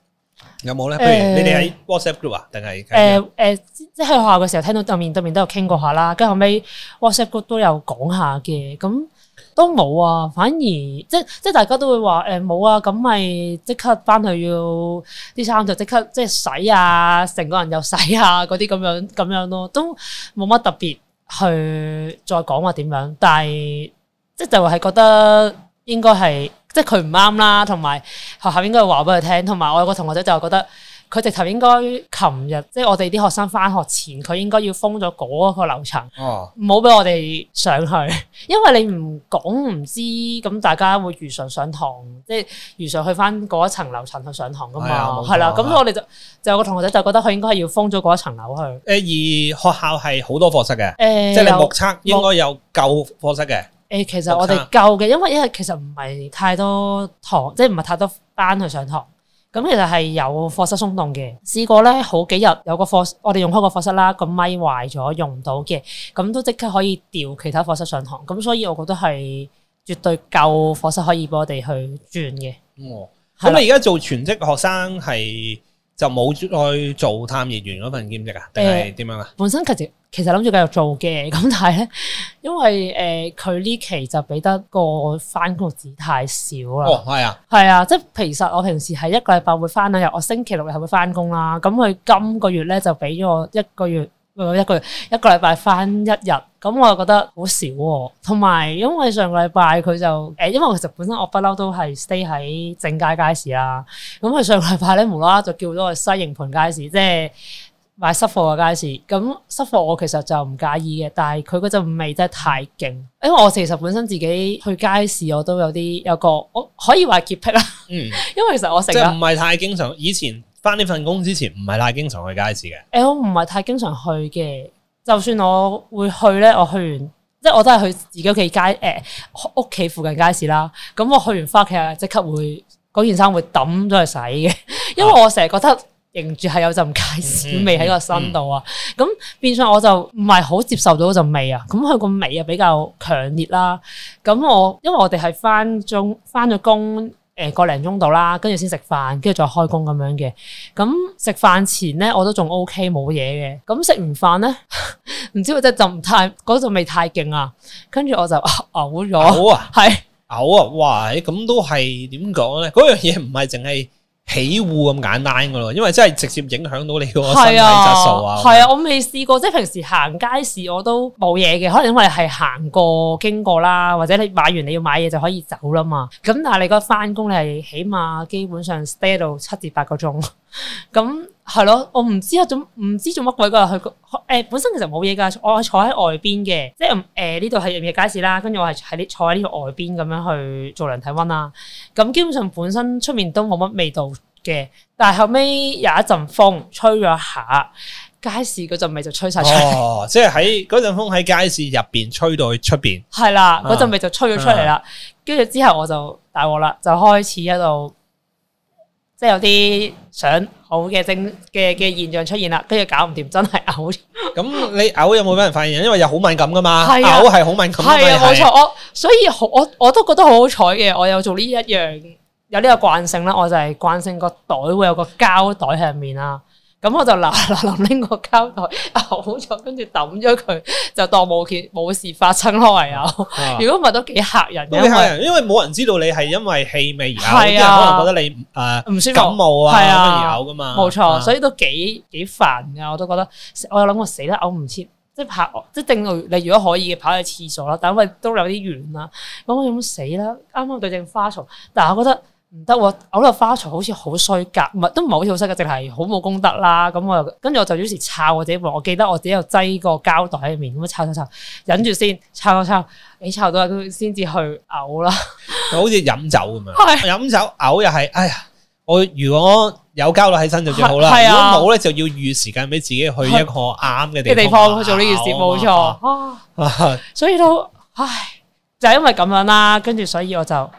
有冇咧？呃、譬如你哋喺 WhatsApp group 啊，定係誒誒，即係喺學校嘅時候聽到對面對面都有傾過下啦。跟住後尾 WhatsApp group 都有講下嘅，咁都冇啊。反而即即係大家都會話誒冇啊，咁咪即刻翻去要啲衫就即刻即刻即係洗啊，成個人又洗啊，嗰啲咁樣咁樣咯，都冇乜特別。去再講話點樣，但係即係就係、是、覺得應該係即係佢唔啱啦，同、就、埋、是、學校應該話俾佢聽，同埋我有個同學仔就係覺得。佢直頭應該琴日，即係我哋啲學生返學前，佢應該要封咗嗰一個樓層，唔好俾我哋上去，因為你唔講唔知，咁大家會如常上堂，即係如常去返嗰一層樓層去上堂噶嘛，係啦、哎呦。咁我哋就就有個同學仔就覺得佢應該係要封咗嗰一層樓去。誒，而學校係好多課室嘅，欸、即係你目測應該有夠課室嘅。誒、欸，其實我哋夠嘅，因為因為其實唔係太多堂，即係唔係太多班去上堂。咁其實係有課室鬆動嘅，試過咧好幾日有個課，我哋用開個課室啦，個咪壞咗用唔到嘅，咁都即刻可以調其他課室上堂，咁所以我覺得係絕對夠課室可以畀我哋去轉嘅。哦，咁你而家做全職學生係就冇再做探熱員嗰份兼職啊？定係點樣啊、呃？本身其實。其實諗住繼續做嘅，咁但係咧，因為誒佢呢期就俾得個翻工紙太少啦。哦，係啊，係啊，即係其實我平時係一個禮拜會翻兩日，我星期六日係會翻工啦。咁佢今個月咧就俾咗我一個月，一個月一個禮拜翻一日，咁我就覺得好少，啊。同埋因為上個禮拜佢就誒、呃，因為其實本身我不嬲，都係 stay 喺正街街市啊，咁、嗯、佢上個禮拜咧無啦啦就叫咗去西營盤街市，即係。買濕貨嘅街市，咁濕貨我其實就唔介意嘅，但係佢嗰陣味真係太勁，因為我其實本身自己去街市我都有啲有個我可以話潔癖啦，嗯，因為其實我成日，唔係太經常，以前翻呢份工之前唔係太經常去街市嘅，誒、欸，我唔係太經常去嘅，就算我會去咧，我去完即係我都係去自己屋企街誒屋、呃、企附近街市啦，咁我去完翻屋企即刻會嗰件衫會抌咗去洗嘅，因為我成日覺得。啊凝住係有陣芥子味喺個身度啊、嗯，咁、嗯、變相我就唔係好接受到嗰陣味啊，咁佢個味啊比較強烈啦。咁我因為我哋係翻中翻咗工誒個零鐘度啦，跟住先食飯，跟住再開工咁樣嘅。咁食飯前咧我都仲 OK 冇嘢嘅，咁食完飯咧唔知或者、那個、我真係就唔太嗰陣味太勁啊，跟住我就嘔咗，好啊，係嘔啊，哇！咁都係點講咧？嗰樣嘢唔係淨係。起霧咁簡單噶咯，因為真係直接影響到你個身體質素啊。係啊，啊，我未試過，即係平時行街市我都冇嘢嘅，可能因為係行過經過啦，或者你買完你要買嘢就可以走啦嘛。咁但係你個翻工你係起碼基本上 stay 到七至八個鐘咁。係咯，我唔知做唔知做乜鬼噶，去誒、欸、本身其實冇嘢噶，我坐喺外邊嘅，即係誒呢度係入面街市啦，跟住我係喺呢坐喺呢度外邊咁樣去做量體溫啦。咁基本上本身出面都冇乜味道嘅，但係後尾有一陣風吹咗下街市嗰陣味就吹晒出嚟。哦，即係喺嗰陣風喺街市入邊吹到去出邊。係啦， [laughs] 嗰陣味就吹咗出嚟啦。跟住、嗯嗯、之後我就大鑊啦，就開始喺度。即係有啲想嘔嘅症嘅嘅現象出現啦，跟住搞唔掂，真係嘔。咁 [laughs] 你嘔有冇俾人發現？因為又好敏感㗎嘛，嘔係好敏感。係啊，冇錯。啊、我所以我我都覺得好好彩嘅，我有做呢一樣，有呢個慣性啦。我就係慣性個袋會有個膠袋喺入面啊。咁我就嗱嗱臨拎個膠袋，嘔好咗，跟住抌咗佢，就當冇冇事發生咯，唯有哇。如果唔係都幾嚇人，因為因為冇人知道你係因為氣味而嘔，有人、啊、可能覺得你誒唔、呃、舒服感冒啊而嘔噶嘛。冇錯錯，啊、所以都幾幾煩噶，我都覺得。我又諗我死得嘔唔切，即係跑，即係定到你如果可以嘅，跑去廁所啦，但係因為都有啲遠啊。咁我諗死啦，啱啱對正花槽嗱，我覺得。唔得，我嘔落花材好似好衰格，唔係，都唔係好似好衰格，淨係好冇功德啦。咁我跟住我就有時炒，或者我記得我自己有擠個膠袋喺面咁樣炒炒炒，忍住先炒炒炒，你炒到都先至去嘔啦，就好似飲酒咁樣，飲是酒嘔又係，哎呀，我如果有膠袋喺身就最好啦，啊、如果冇咧就要預時間俾自己去一個啱嘅地方去好做呢件事，冇錯，所以都唉，就係、是、因為咁樣啦，跟住所以我就。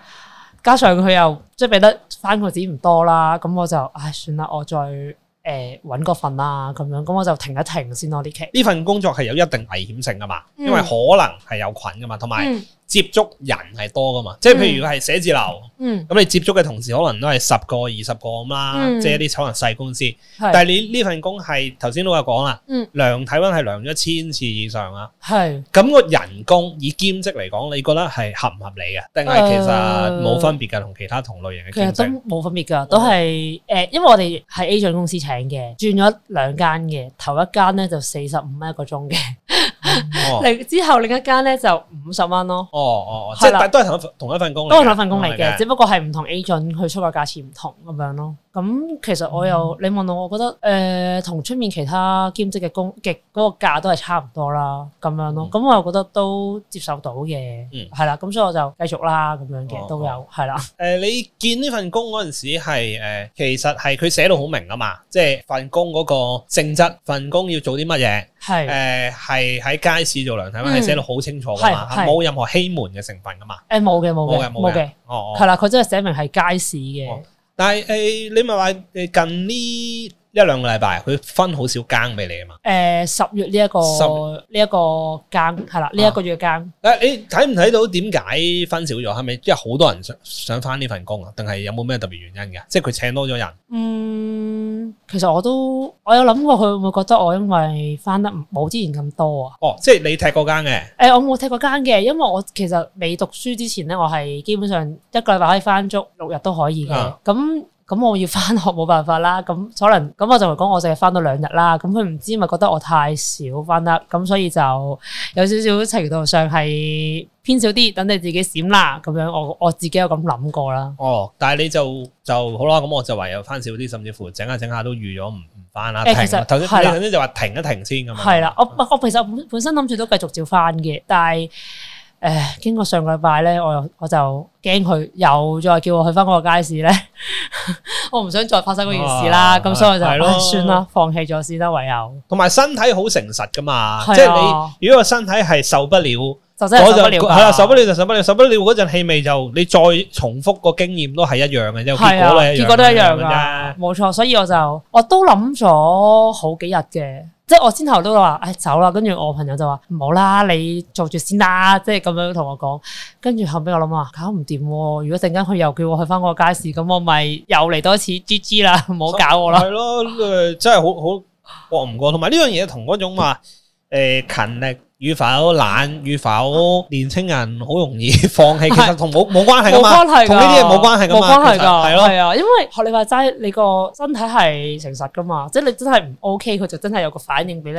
加上佢又即係俾得翻個錢唔多啦，咁我就唉算啦，我再誒揾、呃、個份啦咁樣，咁我就停一停先咯呢期。呢份工作係有一定危險性噶嘛，嗯、因為可能係有菌噶嘛，同埋、嗯。接觸人係多噶嘛，即係譬如係寫字樓，咁、嗯、你接觸嘅同事可能都係十個二十個咁啦，嗯、即係啲可能細公司。是但係你呢份工係頭先都有講啦，嗯、量體温係量咗千次以上啊，係咁個人工以兼職嚟講，你覺得係合唔合理嘅？定係其實冇分別噶，同其他同類型嘅其實都冇分別噶，都係誒、呃，因為我哋係 agent 公司請嘅，轉咗兩間嘅，頭一間咧就四十五蚊一個鐘嘅。嚟、嗯哦、 [laughs] 之後另一間咧就五十蚊咯。哦哦，即、哦、係啦都係同一同一份工，都係同一份工嚟嘅，嗯、只不過係唔同 agent 佢出嘅價錢唔同咁樣咯。咁其實我又你問我，我覺得誒同出面其他兼職嘅工嘅嗰個價都係差唔多啦，咁樣咯。咁我又覺得都接受到嘅，係啦。咁所以我就繼續啦，咁樣嘅都有，係啦。誒，你見呢份工嗰陣時係誒，其實係佢寫到好明啊嘛，即係份工嗰個性質，份工要做啲乜嘢係誒，係喺街市做量體溫，係寫到好清楚㗎嘛，冇任何欺瞞嘅成分㗎嘛。誒冇嘅，冇嘅，冇嘅，冇嘅。哦哦，係啦，佢真係寫明係街市嘅。但係誒、欸，你咪話誒，近呢一兩個禮拜佢分好少更俾你啊嘛？誒、呃，十月呢、這、一個，呢一個更係啦，呢一、啊、個月更。誒、欸，你睇唔睇到點解分少咗？係咪即係好多人想想翻呢份工啊？定係有冇咩特別原因嘅？即係佢請多咗人。嗯。其實我都我有諗過，佢會唔會覺得我因為返得冇之前咁多啊？哦，即係你踢過間嘅？誒、欸，我冇踢過間嘅。因為我其實未讀書之前咧，我係基本上一個禮拜可以返足六日都可以嘅。咁、嗯。咁我要翻學冇辦法啦，咁可能咁我就嚟講，我淨係翻到兩日啦。咁佢唔知咪覺得我太少翻啦，咁所以就有少少程度上係偏少啲，等你自己閃啦。咁樣我我自己有咁諗過啦。哦，但係你就就好啦。咁我就唯有翻少啲，甚至乎整下整下都預咗唔唔翻啦。誒、欸，其實頭先頭先就話停一停先咁樣。係啦，我我其實本本身諗住都繼續照翻嘅，但係。誒，經過上個禮拜咧，我又我就驚佢又再叫我去翻嗰個街市咧，我唔想再發生嗰件事啦，咁哇所以我就算啦，的放棄咗先得唯有。同埋身體好誠實噶嘛，的即係你如果個身體係受不了。我就係啦，受不了就受不了，受不了嗰陣氣味就你再重複個經驗都係一樣嘅，因為結果都一樣嘅，冇錯。所以我就我都諗咗好幾日嘅，即係我先頭都話，誒走啦。跟住我朋友就話唔好啦，你做住先啦，即係咁樣同我講。跟住後尾我諗啊，搞唔掂。如果陣間佢又叫我去翻個街市，咁我咪又嚟多次 G G 啦，唔好搞我啦。係咯，真係好好過唔過。同埋呢樣嘢同嗰種話誒勤力。與否懶，與否年青人好容易放棄，其實同冇冇關係噶，同呢啲嘢冇關係噶，係咯，係啊，因為學你話齋，你個身體係誠實噶嘛，即係你真係唔 OK，佢就真係有個反應俾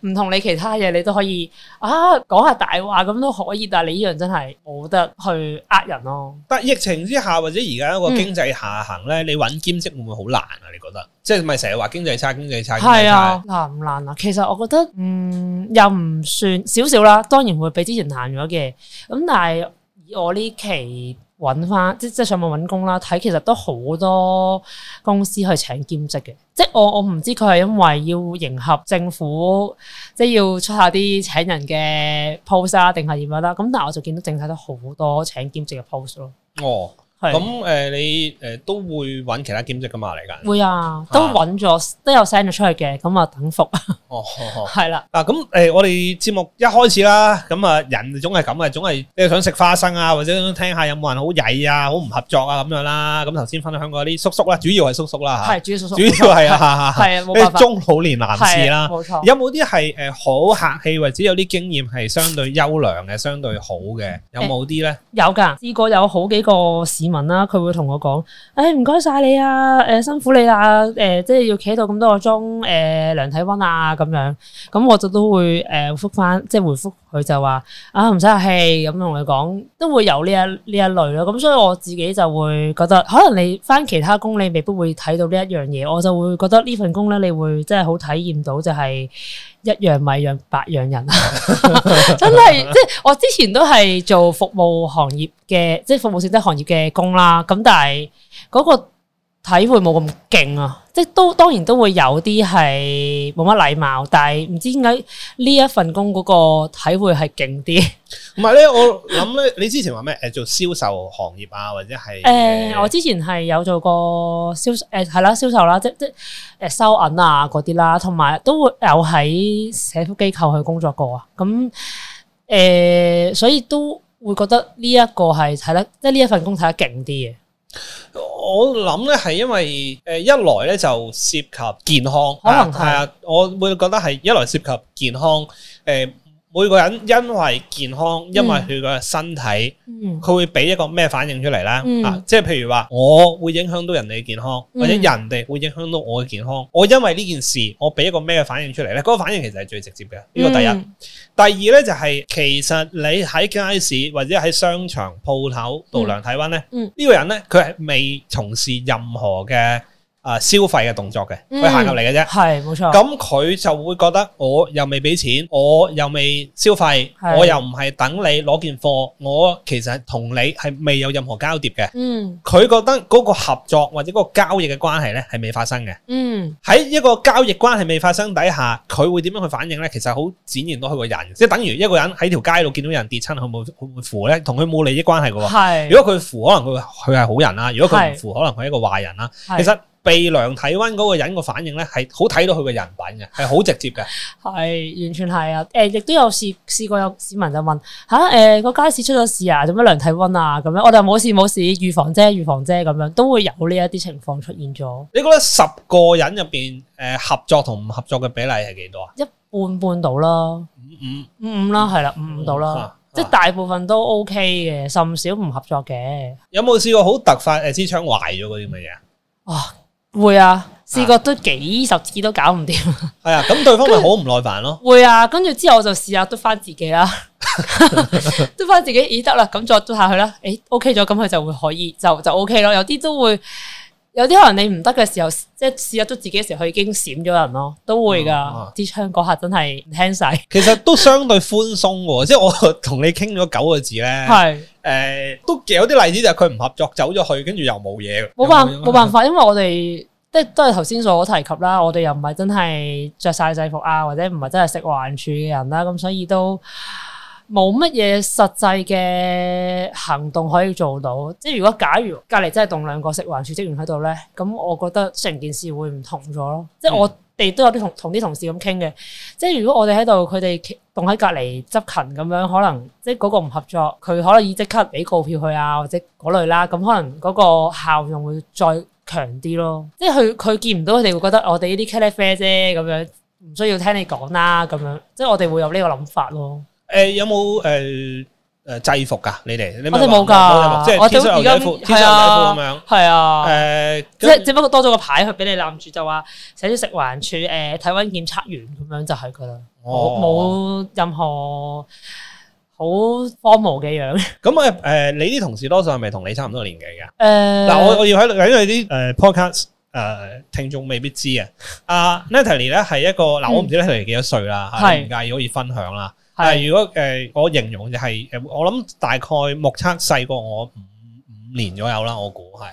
你，唔同你其他嘢，你都可以啊講下大話咁都可以，但係你依樣真係，啊，冇得去呃人咯。但疫情之下或者而家一個經濟下行咧，嗯、你搵兼職會唔會好難啊？你覺得？即係咪成日話經濟差，經濟差，經濟差、啊、難唔難啊？其實我覺得，嗯，又唔算少少啦。當然會比之前難咗嘅。咁但係以我呢期揾翻，即即係上網揾工啦，睇，其實都好多公司去請兼職嘅。即係我我唔知佢係因為要迎合政府，即係要出下啲請人嘅 post 啦、啊，定係點樣啦？咁但係我就見到整體都好多請兼職嘅 post 咯、啊。哦。咁誒，你誒都會揾其他兼職噶嘛？嚟緊會啊，都揾咗，啊、都有 send 咗出去嘅，咁啊等福、哦。哦，係啦。啊，咁誒、呃，我哋節目一開始啦，咁啊，人總係咁嘅，總係想食花生啊，或者聽下有冇人好曳啊，好唔合作啊咁樣啦。咁頭先分享過啲叔叔啦，主要係叔叔啦，係主要叔叔，主要係啊，係啊，冇辦法，啲中老年男士啦，冇錯。有冇啲係誒好客氣，或者有啲經驗係相對優良嘅，相對好嘅？有冇啲咧？有噶，試過有好幾個問啦，佢會同我講，誒、哎，唔該晒你啊，誒、呃，辛苦你啦，誒、呃，即係要企到咁多個鐘，誒、呃，量體溫啊，咁樣，咁我就都會誒、呃、復翻，即係回復佢就話，啊，唔使客氣，咁同佢講，都會有呢一呢一類咯，咁、嗯、所以我自己就會覺得，可能你返其他工你未必會睇到呢一樣嘢，我就會覺得呢份工咧你會真係好體驗到就係、是。一樣米養百樣人啊！ [laughs] 真係，即係我之前都係做服務行業嘅，即係服務性質行業嘅工啦。咁但係嗰個體會冇咁勁啊。即係都當然都會有啲係冇乜禮貌，但係唔知點解呢一份工嗰個體會係勁啲。唔係咧，我諗咧，你之前話咩誒做銷售行業啊，或者係誒、呃、我之前係有做過銷誒係啦銷售、呃銷售啊、啦，即即誒收銀啊嗰啲啦，同埋都會有喺社福機構去工作過啊。咁誒、呃，所以都會覺得呢一個係睇得即係呢一份工睇得勁啲嘅。我諗咧係因為誒一來咧就涉及健康，可能係啊，我會覺得係一來涉及健康誒。呃每個人因為健康，因為佢個身體，佢、嗯、會俾一個咩反應出嚟呢？嗯、啊，即係譬如話，我會影響到人哋嘅健康，嗯、或者人哋會影響到我嘅健康。我因為呢件事，我俾一個咩反應出嚟呢？嗰、嗰個反應其實係最直接嘅，呢、呢個第一。嗯、第二呢，就係、係，其實你喺街市或者喺商場鋪頭度量體溫呢，呢、嗯嗯、呢個人呢，佢係未從事任何嘅。啊，消費嘅動作嘅，佢行入嚟嘅啫，係冇錯。咁佢就會覺得我又未俾錢，我又未消費，我又唔係等你攞件貨，我其實同你係未有任何交疊嘅。嗯，佢覺得嗰個合作或者嗰個交易嘅關係咧係未發生嘅。嗯，喺一個交易關係未發生底下，佢會點樣去反應咧？其實好展現到佢個人，即係等於一個人喺條街度見到人跌親，佢會唔會扶咧，同佢冇利益關係嘅喎。係，如果佢扶，可能佢佢係好人啦；如果佢唔扶，可能佢係一個壞人啦。其實。被量體溫嗰個人個反應咧，係好睇到佢個人品嘅，係好直接嘅。係 [laughs] 完全係啊！誒，亦都有試試過有市民就問：吓、啊，誒、呃、個街市出咗事啊？做乜量體溫啊？咁樣我哋冇事冇事，預防啫，預防啫。咁樣都會有呢一啲情況出現咗。你覺得十個人入面，誒合作同唔合作嘅比例係幾多啊？一半半度啦，五五五五啦，係啦、嗯，五五度啦，啊、即係大部分都 OK 嘅，甚少唔合作嘅。啊啊、有冇試過好突發誒支槍壞咗嗰啲乜嘢啊！啊啊啊啊啊啊啊啊會啊，試過嘟幾十次都搞唔掂。係啊，咁著對方咪好唔耐煩咯，啊。會啊，跟住之後我就試下嘟返自己啦，嘟返 [laughs] [laughs] 自己，咦得啦，咁再嘟下去啦，誒，OK 咗，咁佢就會可以就就 OK 咯，有啲都會。有啲可能你唔得嘅時候，即係試下都自己嘅時候，佢已經閃咗人咯，都會，噶支槍嗰下真係輕晒，其實都相對寬鬆， [laughs] 即係我同你傾咗九個字咧。係誒是、呃，都有啲例子就係佢唔合作走咗去，跟住又冇嘢。冇辦冇辦法，因為我哋即係都係頭先所提及啦，我哋又唔係真係着晒制服啊，或者唔係真係食環署嘅人啦，咁所以都。冇乜嘢實際嘅行動可以做到，即係如果假如隔離真係棟兩個食環署職員喺度咧，咁我覺得成件事會唔同咗咯。即係我哋都有啲同同啲同事咁傾嘅，即係如果我哋喺度，佢哋棟喺隔離執勤咁樣，可能即係嗰個唔合作，佢可能已即刻俾告票佢啊，或者嗰類啦，咁可能嗰個效用會再強啲咯。即係佢佢見唔到，佢哋會覺得我哋呢啲茄喱啡啫咁樣，唔需要聽你講啦咁樣。即係我哋會有呢個諗法咯。誒、欸，有冇誒誒制服噶？你哋，你冇噶，即係在天山底褲，天山底褲咁樣，係啊說。誒，只只不過多咗個牌去俾你攬住，就話寫住食環處誒體溫檢測員咁樣就係佢啦，冇冇任何好荒謬嘅樣。咁啊，誒，你啲同事多數係咪同你差唔多年紀噶？誒、嗯，嗱、呃，我我要喺喺你啲誒 podcast 誒聽眾未必知、uh, 啊。阿 Natalie 咧係一個嗱，我唔知 Natalie 幾多歲啦，唔介意可以分享啦。係如果誒，我形容就係誒，我諗大概目測細過我五五年左右啦，我估係。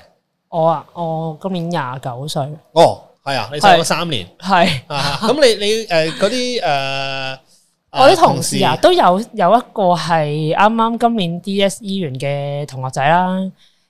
我啊，我今年廿九歲。哦，係啊，你細我三年。係啊，咁你你誒嗰啲誒，我啲同事啊，都有有一個係啱啱今年 DSE 完嘅同學仔啦。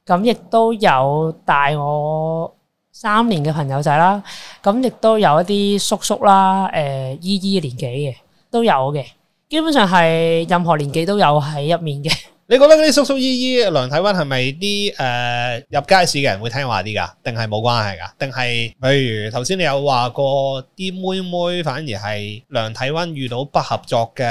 咁亦都有大我三年嘅朋友仔啦。咁亦都有一啲叔叔啦，誒姨姨年紀嘅都有嘅。基本上係任何年紀都有喺入面嘅。你覺得嗰啲叔叔姨姨量體溫係咪啲誒入街市嘅人會聽話啲噶？定係冇關係噶？定係譬如頭先你有話過啲妹妹反而係量體溫遇到不合作嘅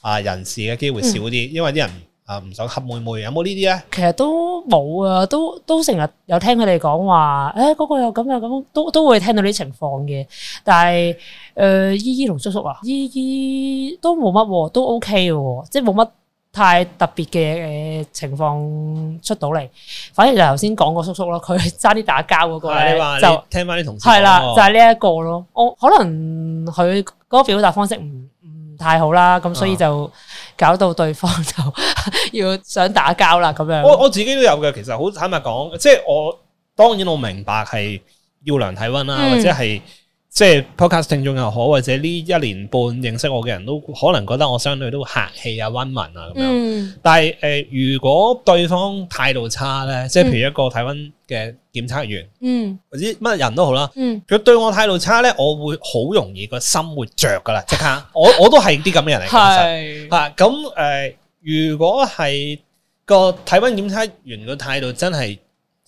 啊人士嘅機會少啲，嗯、因為啲人。啊！唔想恰妹妹，有冇呢啲咧？其實都冇啊，都都成日有聽佢哋講話，誒，嗰個又咁啊咁，都都會聽到呢啲情況嘅。但係誒，姨姨同叔叔啊，姨姨都冇乜，都 OK 嘅，即係冇乜太特別嘅情況出到嚟。反而就頭先講個叔叔咯，佢差啲打交嗰個咧，就聽翻啲同事。係啦，就係呢一個咯。我可能佢嗰個表達方式唔唔太好啦，咁所以就。搞到對方就要想打交啦，咁樣。我我自己都有嘅，其實好坦白講，即係我當然我明白係要量體温啦、啊，嗯、或者係。即係 Podcast 聽眾又好，或者呢一年半認識我嘅人都可能覺得我相對都客氣啊、溫文啊咁樣。嗯、但係誒、呃，如果對方態度差咧，即係譬如一個體溫嘅檢測員，嗯，或者乜人都好啦，嗯，佢對我態度差咧，我會好容易個心會著噶啦，即刻。嗯、我我都係啲咁嘅人嚟，係吓。咁誒、呃，如果係個體溫檢測員嘅態度真係。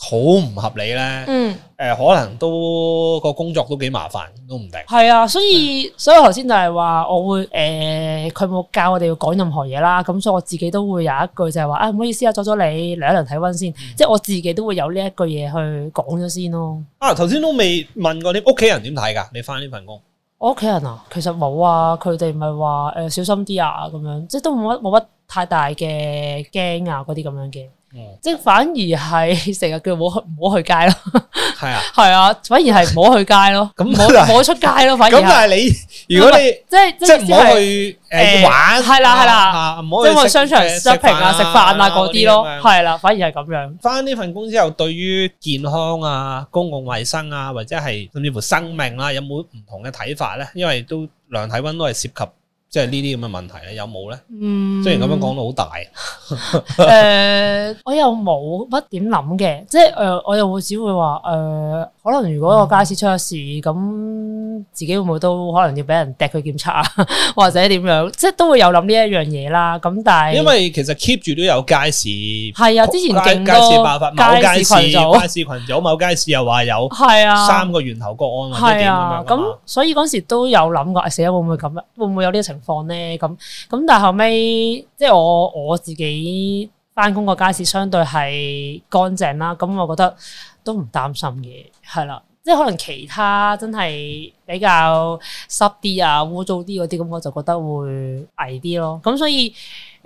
好唔合理咧，誒、嗯呃，可能都個工作都幾麻煩，都唔定。係啊，所以、嗯、所以頭先就係話我會誒，佢、呃、冇教我哋要講任何嘢啦，咁所以我自己都會有一句就係話啊，哎、唔好意思啊，阻咗你，量一量體温先，嗯、即係我自己都會有呢一句嘢去講咗先咯。啊，頭先都未問過你屋企人點睇噶，你返呢份工，我屋企人啊，其實冇啊，佢哋咪話誒小心啲啊，咁樣，即係都冇乜冇乜太大嘅驚啊，嗰啲咁樣嘅。即係反而係成日叫唔好去唔好去街咯，係啊係啊，反而係唔好去街咯，咁唔好唔好出街咯。反而咁但係你如果你即係即係唔好去誒玩，係啦係啦，唔好去商場 shopping 啊食飯啊嗰啲咯，係啦反而係咁樣。返呢份工之後，對於健康啊公共衛生啊或者係甚至乎生命啊，有冇唔同嘅睇法咧？因為都量體溫都係涉及。即係呢啲咁嘅問題咧，有冇咧？嗯，雖然咁樣講到好大，誒、 [laughs] 呃，我又冇乜點諗嘅，即係誒、呃，我又會只會話誒。呃可能如果個街市出咗事，咁、嗯、自己會唔會都可能要俾人掟佢檢查， [laughs] 或者點樣，即係都會有諗呢一樣嘢啦。咁但係因為其實 keep 住都有街市，係啊，之前好多街市爆發某街市，組街市群組、啊、某街市又話有係啊三個源頭個案啊，咁樣。咁、啊、那所以嗰時都有諗過，死啦會唔會咁啊？會唔會、會、會有呢個情況咧？咁咁但係後尾，即係我我自己翻工個街市相對係乾淨啦。咁我覺得。都唔擔心嘅，係啦，即係可能其他真係比較濕啲啊、污糟啲嗰啲，咁我就覺得會危啲咯。咁所以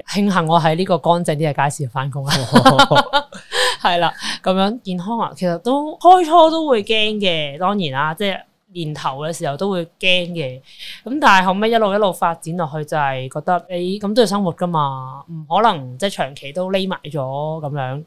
慶幸我喺呢個乾淨啲嘅街市返工，係啦， [laughs] [laughs] 咁樣健康啊。其實都開初都會驚嘅，當然啦，即係年頭嘅時候都會驚嘅。咁但係後尾一路一路發展落去，就係覺得誒，咁、欸、都要生活㗎嘛，唔可能即係長期都匿埋咗咁樣。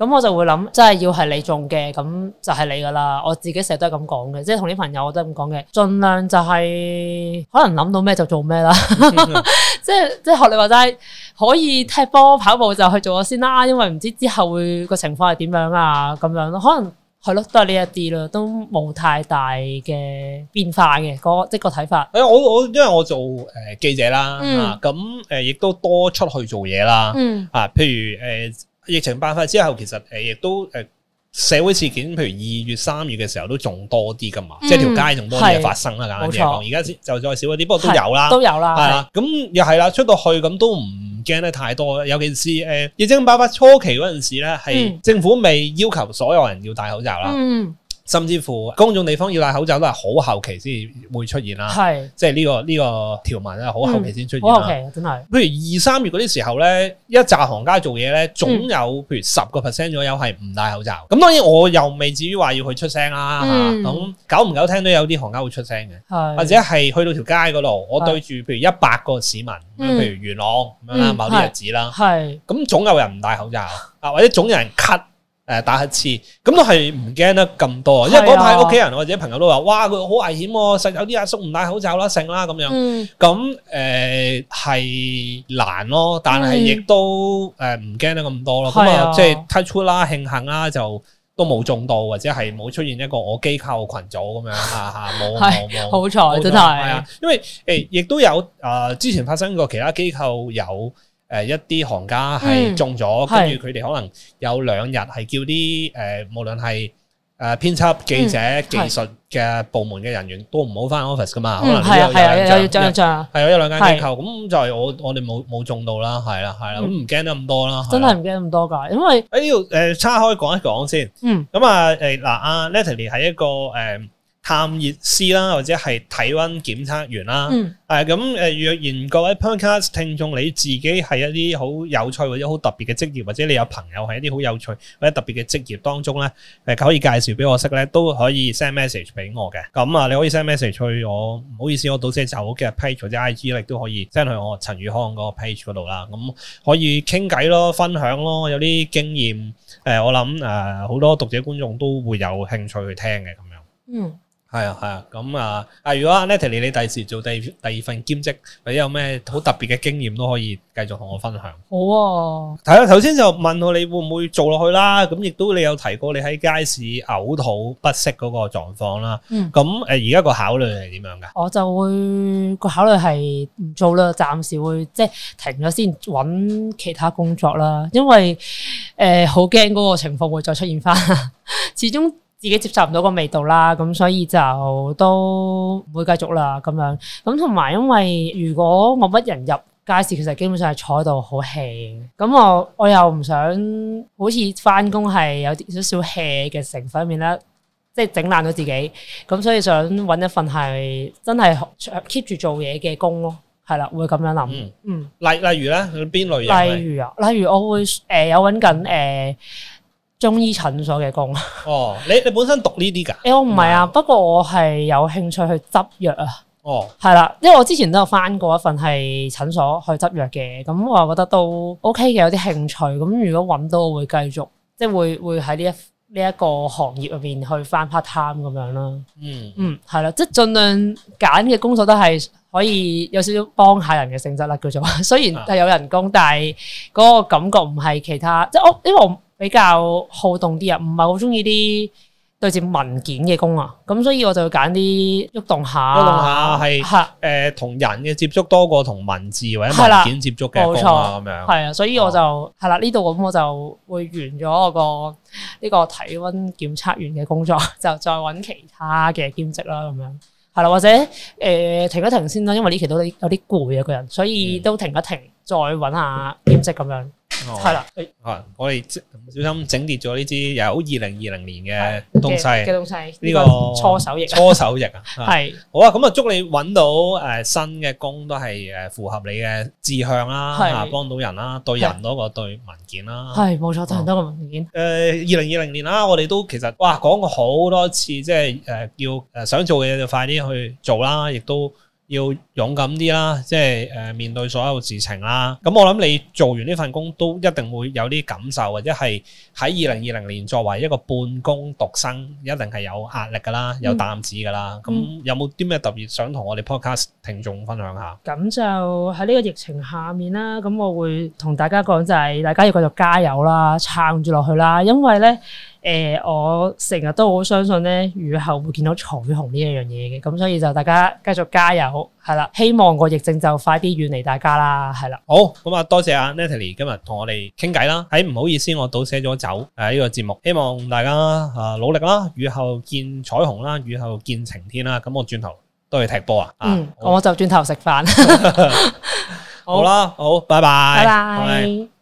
咁我就會諗，真係要係你中嘅，咁就係你噶啦。我自己成日都係咁講嘅，即係同啲朋友我都係咁講嘅。盡量就係可能諗到咩就做咩啦。 [laughs] 即係即係學你話齋，可以踢波跑步就去做咗先啦。因為唔知之後會個情況係點樣啊，咁樣咯。可能係咯，都係呢一啲咯，都冇太大嘅變化嘅。嗰個即、嗰個睇、嗰個、法。誒，我我因為我做誒、呃、記者啦，咁誒亦都多出去做嘢啦。嗯、啊，譬如誒。呃疫情爆發之後，其實誒亦、呃、都誒、呃、社會事件，譬如二月、三月嘅時候都仲多啲噶嘛，嗯、即係條街仲多嘢是發生啦。啱啱聽講，而家先就再少一啲，不過都有啦，都有啦，係啦的。咁又係啦，出到去咁都唔驚得太多啦。尤其是誒疫情爆發初期嗰陣時咧，係政府未要求所有人要戴口罩啦。嗯甚至乎公眾地方要戴口罩都係好後期先會出現啦，係是即係呢、這個呢、這個條文咧，好後期先出現啦，真係、嗯。譬如二三月嗰啲時候咧，一紮行家做嘢咧，總有、嗯、譬如十個 percent 左右係唔戴口罩。咁當然我又未至於話要去出聲啦，吓、嗯。咁、啊、久唔久聽到有啲行家會出聲嘅，嗯、或者係去到條街嗰度，我對住譬如一百個市民，嗯、譬如元朗某啲日子啦，咁、嗯嗯嗯嗯、總有人唔戴口罩，啊，或者總有人咳。 [laughs] 誒，打乞嗤，咁都係唔驚得咁多，嗯、因為嗰排屋企人或者朋友都話，哇，佢好危險，啊，實有啲阿叔唔戴口罩啦，剩啦咁樣。咁誒係難咯，但係亦都誒唔驚得咁多咯。咁啊、嗯，嗯、即係 touch wood 啦，慶幸啦，就都冇中到或者係冇出現一個我機構群組咁樣吓吓冇冇冇好彩好真係，係啊，因為誒亦、欸、都有誒、呃呃、之前發生過其他機構有。誒一啲行家係中咗，跟住佢哋可能有兩日係叫啲誒，無論係誒編輯、記者、技術嘅部門嘅人員都唔好返 office 噶嘛。可能，係係係，有兩張，係有兩間機構。咁就係我我哋冇冇中到啦，係啦係啦，咁唔驚咁多啦。真係唔驚咁多㗎，因為喺呢度誒，叉開講一講先。嗯，咁啊誒嗱啊，Natalie 係一個誒。探熱師啦，或者係體溫檢測員啦。誒咁誒，若然各位 podcast 聽眾，你自己係一啲好有趣或者好特別嘅職業，或者你有朋友係一啲好有趣或者特別嘅職業當中咧，誒、呃、可以介紹俾我識咧，都可以 send message 俾我嘅。咁啊，你可以 send message 去我，唔好意思，我到時就嘅 page 或者 IG 咧都可以 send 去我陳宇康嗰個 page 嗰度啦。咁、啊嗯、可以傾偈咯，分享咯，有啲經驗誒、呃，我諗誒好多讀者觀眾都會有興趣去聽嘅咁樣。嗯。係啊係啊，咁啊，啊如果阿 Natalie 你你第時做第第二份兼職，或者有咩好特別嘅經驗都可以繼續同我分享。好啊，睇下頭先就問我：「你會唔會做落去啦，咁亦都你有提過你喺街市嘔吐不適嗰個狀況啦。嗯，咁誒而家個考慮係點樣噶？我就會個考慮係唔做啦，暫時會即係、就是、停咗先，搵其他工作啦，因為誒好驚嗰個情況會再出現翻，始終。自己接受唔到個味道啦，咁所以就都唔會繼續啦咁樣。咁同埋因為如果冇乜人入街市，其實基本上係坐喺度好 hea。咁我我又唔想好似翻工係有啲少少 hea 嘅成分，面呢，即係整爛咗自己。咁所以想揾一份係真係 keep 住做嘢嘅工咯。係啦，會咁樣諗。嗯，例、嗯、例如咧，邊類？例如啊，例如我會誒有揾緊誒。呃中醫診所嘅工哦，你你本身讀呢啲㗎？誒、欸，我唔係啊，嗎不過我係有興趣去執藥啊。哦，係啦，因為我之前都有返過一份係診所去執藥嘅，咁我覺得都 OK 嘅，有啲興趣。咁如果搵到，我會繼續，即係會會喺呢一呢一,一個行業入邊去返 part time 咁樣啦。嗯嗯，係啦、嗯，即係盡量揀嘅工作都係可以有少少幫下人嘅性質啦，叫做。雖然係有人工，但係嗰個感覺唔係其他，即係我因為我。比較好動啲啊，唔係好中意啲對接文件嘅工啊，咁所以我就要揀啲喐動下，喐動下係，係誒同人嘅接觸多過同文字或者文件接觸嘅工作，冇錯咁樣係啊，所以我就係啦呢度，咁我就會完咗我個呢個體溫檢測員嘅工作，就再搵其他嘅兼職啦，咁樣係啦，或者誒、呃、停一停先啦，因為呢期都有啲攰啊個人，所以都停一停，再搵下兼職咁樣。 [coughs] 係啦，哦、的我我哋小心整跌咗呢支有二零二零年嘅東西嘅東西，呢的、這個搓手液搓手液啊，係 [laughs] 的好啊！咁啊，祝你揾到誒、呃、新嘅工都係誒符合你嘅志向啦，吓幫的、啊、到人啦，對人多過對文件啦，係冇錯，對人好多過文件。誒、呃，二零二零年啦，我哋都其實哇講過好多次，即係誒叫誒想做嘅嘢就快啲去做啦，亦都。要勇敢啲啦，即係誒、呃、面對所有事情啦。咁我諗你做完呢份工都一定會有啲感受，或者係喺二零二零年作為一個半工讀生，一定係有壓力噶啦，嗯、有擔子噶啦。咁有冇啲咩特別想同我哋 podcast 聽眾分享下？咁、嗯嗯、就喺呢個疫情下面啦，咁我會同大家講就係大家要繼續加油啦，撐住落去啦，因為咧。誒、欸，我成日都好相信咧，雨後會見到彩虹呢一樣嘢嘅。咁、嗯、所以就大家繼續加油，係啦，希望個疫症就快啲遠離大家啦，係啦。好，咁啊，多謝阿 Natalie 今日同我哋傾偈啦。喺唔好意思，我倒寫咗走誒呢個節目，希望大家誒、啊、努力啦，雨後見彩虹啦，雨後見晴天啦。咁我轉頭都去踢波啊。嗯，啊、我就轉頭食飯。好啦，好，拜拜，拜拜。